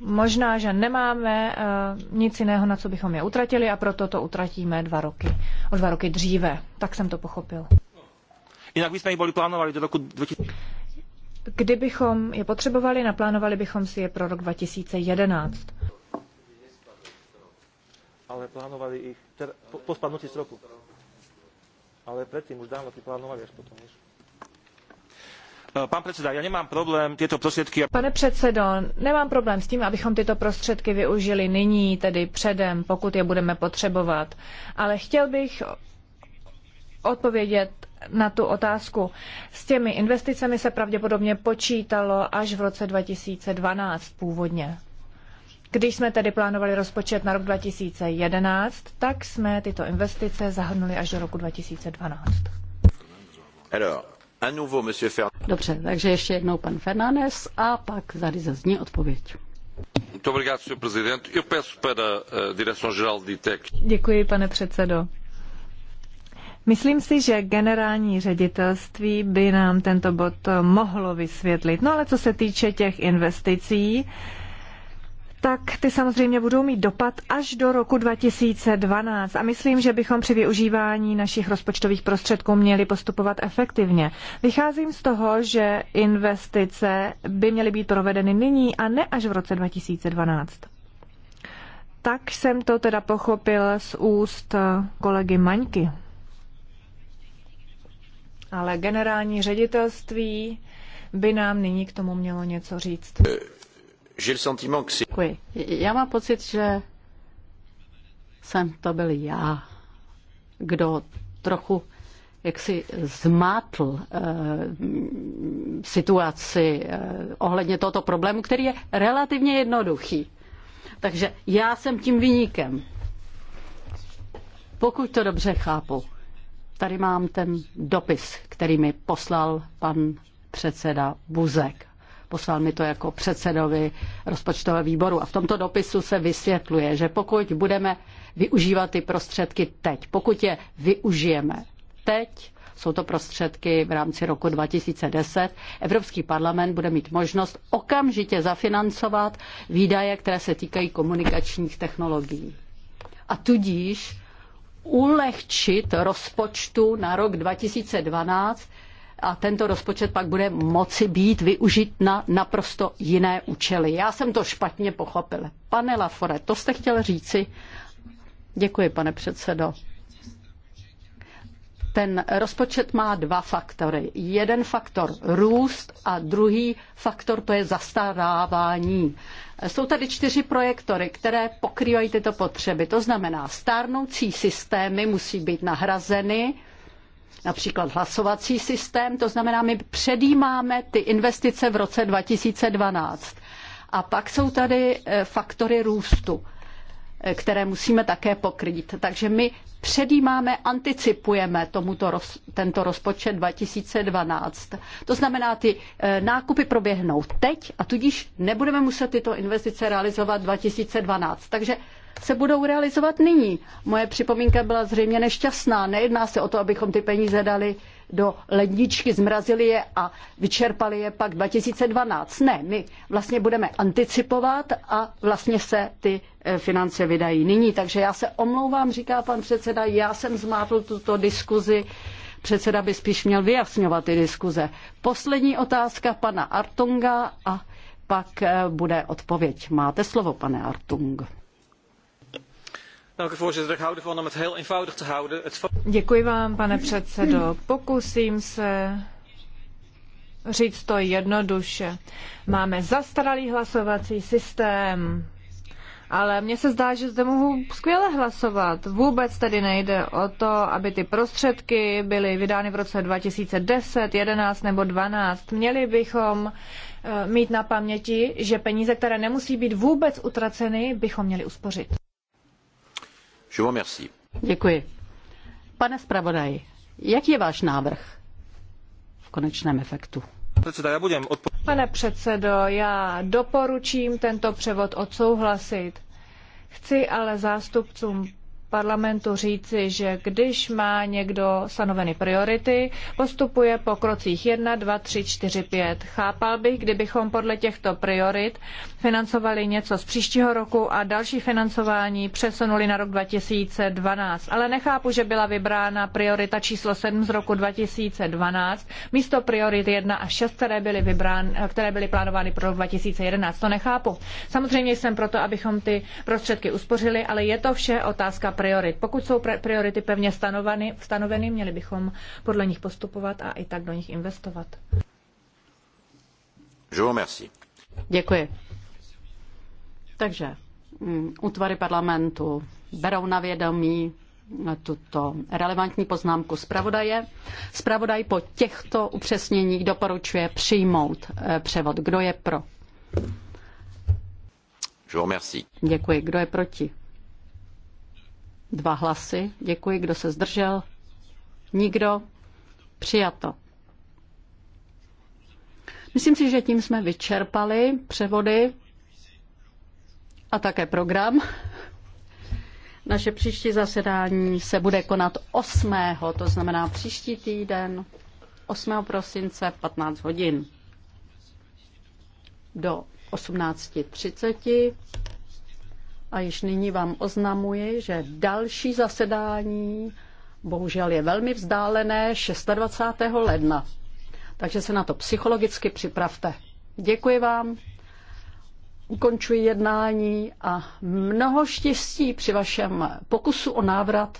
Možná, že nemáme uh, nic jiného, na co bychom je utratili a proto to utratíme dva roky, o dva roky dříve. Tak jsem to pochopil. Jinak bychom je byli plánovali do roku 2000. Kdybychom je potřebovali, naplánovali bychom si je pro rok 2011. Ale plánovali jich po, po spadnutí roku. Ale předtím už dávno ty plánovali až potom, Ještě já nemám problém tyto prostředky... Pane předsedo, nemám problém s tím, abychom tyto prostředky využili nyní, tedy předem, pokud je budeme potřebovat. Ale chtěl bych odpovědět na tu otázku. S těmi investicemi se pravděpodobně počítalo až v roce 2012 původně. Když jsme tedy plánovali rozpočet na rok 2011, tak jsme tyto investice zahrnuli až do roku 2012. twelve Dobře, takže ještě jednou pan Fernández a pak tady zazní odpověď. Děkuji, pane předsedo. Myslím si, že generální ředitelství by nám tento bod mohlo vysvětlit. No ale co se týče těch investicí, tak ty samozřejmě budou mít dopad až do roku 2012. A myslím, že bychom při využívání našich rozpočtových prostředků měli postupovat efektivně. Vycházím z toho, že investice by měly být provedeny nyní a ne až v roce 2012. Tak jsem to teda pochopil z úst eh, kolegy Maňky. Ale generální ředitelství by nám nyní k tomu mělo něco říct. Eh, Děkuji. Já mám pocit, že jsem to byl já, kdo trochu jak si zmátl uh, situaci uh, ohledně tohoto problému, který je relativně jednoduchý. Takže já jsem tím vyníkem. Pokud to dobře chápu, tady mám ten dopis, který mi poslal pan předseda Buzek poslal mi to jako předsedovi rozpočtového výboru. A v tomto dopisu se vysvětluje, že pokud budeme využívat ty prostředky teď, pokud je využijeme teď, jsou to prostředky v rámci roku 2010. Evropský parlament bude mít možnost okamžitě zafinancovat výdaje, které se týkají komunikačních technologií. A tudíž ulehčit rozpočtu na rok 2012 a tento rozpočet pak bude moci být využit na naprosto jiné účely. Já jsem to špatně pochopil. Pane Lafore, to jste chtěl říci? Děkuji, pane předsedo. Ten rozpočet má dva faktory. Jeden faktor růst a druhý faktor to je zastarávání. Jsou tady čtyři projektory, které pokrývají tyto potřeby. To znamená, stárnoucí systémy musí být nahrazeny, například hlasovací systém, to znamená, my předjímáme ty investice v roce 2012. A pak jsou tady eh, faktory růstu, eh, které musíme také pokrýt. Takže my předjímáme, anticipujeme tomuto roz, tento rozpočet 2012. To znamená, ty eh, nákupy proběhnou teď a tudíž nebudeme muset tyto investice realizovat 2012. Takže se budou realizovat nyní. Moje připomínka byla zřejmě nešťastná. Nejedná se o to, abychom ty peníze dali do ledničky, zmrazili je a vyčerpali je pak 2012. Ne, my vlastně budeme anticipovat a vlastně se ty eh, finance vydají nyní. Takže já se omlouvám, říká pan předseda, já jsem zmátl tuto diskuzi. Předseda by spíš měl vyjasňovat ty diskuze. Poslední otázka pana Artunga a pak eh, bude odpověď. Máte slovo, pane Artung. Děkuji vám, pane předsedo. Pokusím se říct to jednoduše. Máme zastaralý hlasovací systém, ale mně se zdá, že zde mohu skvěle hlasovat. Vůbec tady nejde o to, aby ty prostředky byly vydány v roce 2010, 11 nebo 12. Měli bychom eh, mít na paměti, že peníze, které nemusí být vůbec utraceny, bychom měli uspořit. Je vous remercie. Děkuji. Pane zpravodaji, jaký je váš návrh v konečném efektu? Pane předsedo, já doporučím tento převod odsouhlasit. Chci ale zástupcům parlamentu říci, že když má někdo stanoveny priority, postupuje po krocích 1, 2, 3, 4, 5. Chápal bych, kdybychom podle těchto priorit financovali něco z příštího roku a další financování přesunuli na rok 2012. Ale nechápu, že byla vybrána priorita číslo 7 z roku 2012 místo priorit 1 a 6, které byly, vybrán, které byly plánovány pro rok 2011. To nechápu. Samozřejmě jsem proto, abychom ty prostředky uspořili, ale je to vše otázka priorit. Pokud jsou priority pevně stanoveny, stanoveny, měli bychom podle nich postupovat a i tak do nich investovat. Děkuji. Takže mm, útvary parlamentu berou na vědomí tuto relevantní poznámku zpravodaje. Zpravodaj po těchto upřesněních doporučuje přijmout eh, převod. Kdo je pro? Děkuji. Kdo je proti? Dva hlasy. Děkuji, kdo se zdržel. Nikdo. Přijato. Myslím si, že tím jsme vyčerpali převody a také program. Naše příští zasedání se bude konat 8. to znamená příští týden 8. prosince 15 hodin do 18.30. A již nyní vám oznamuji, že další zasedání bohužel je velmi vzdálené 26. ledna. Takže se na to psychologicky připravte. Děkuji vám, ukončuji jednání a mnoho štěstí při vašem pokusu o návrat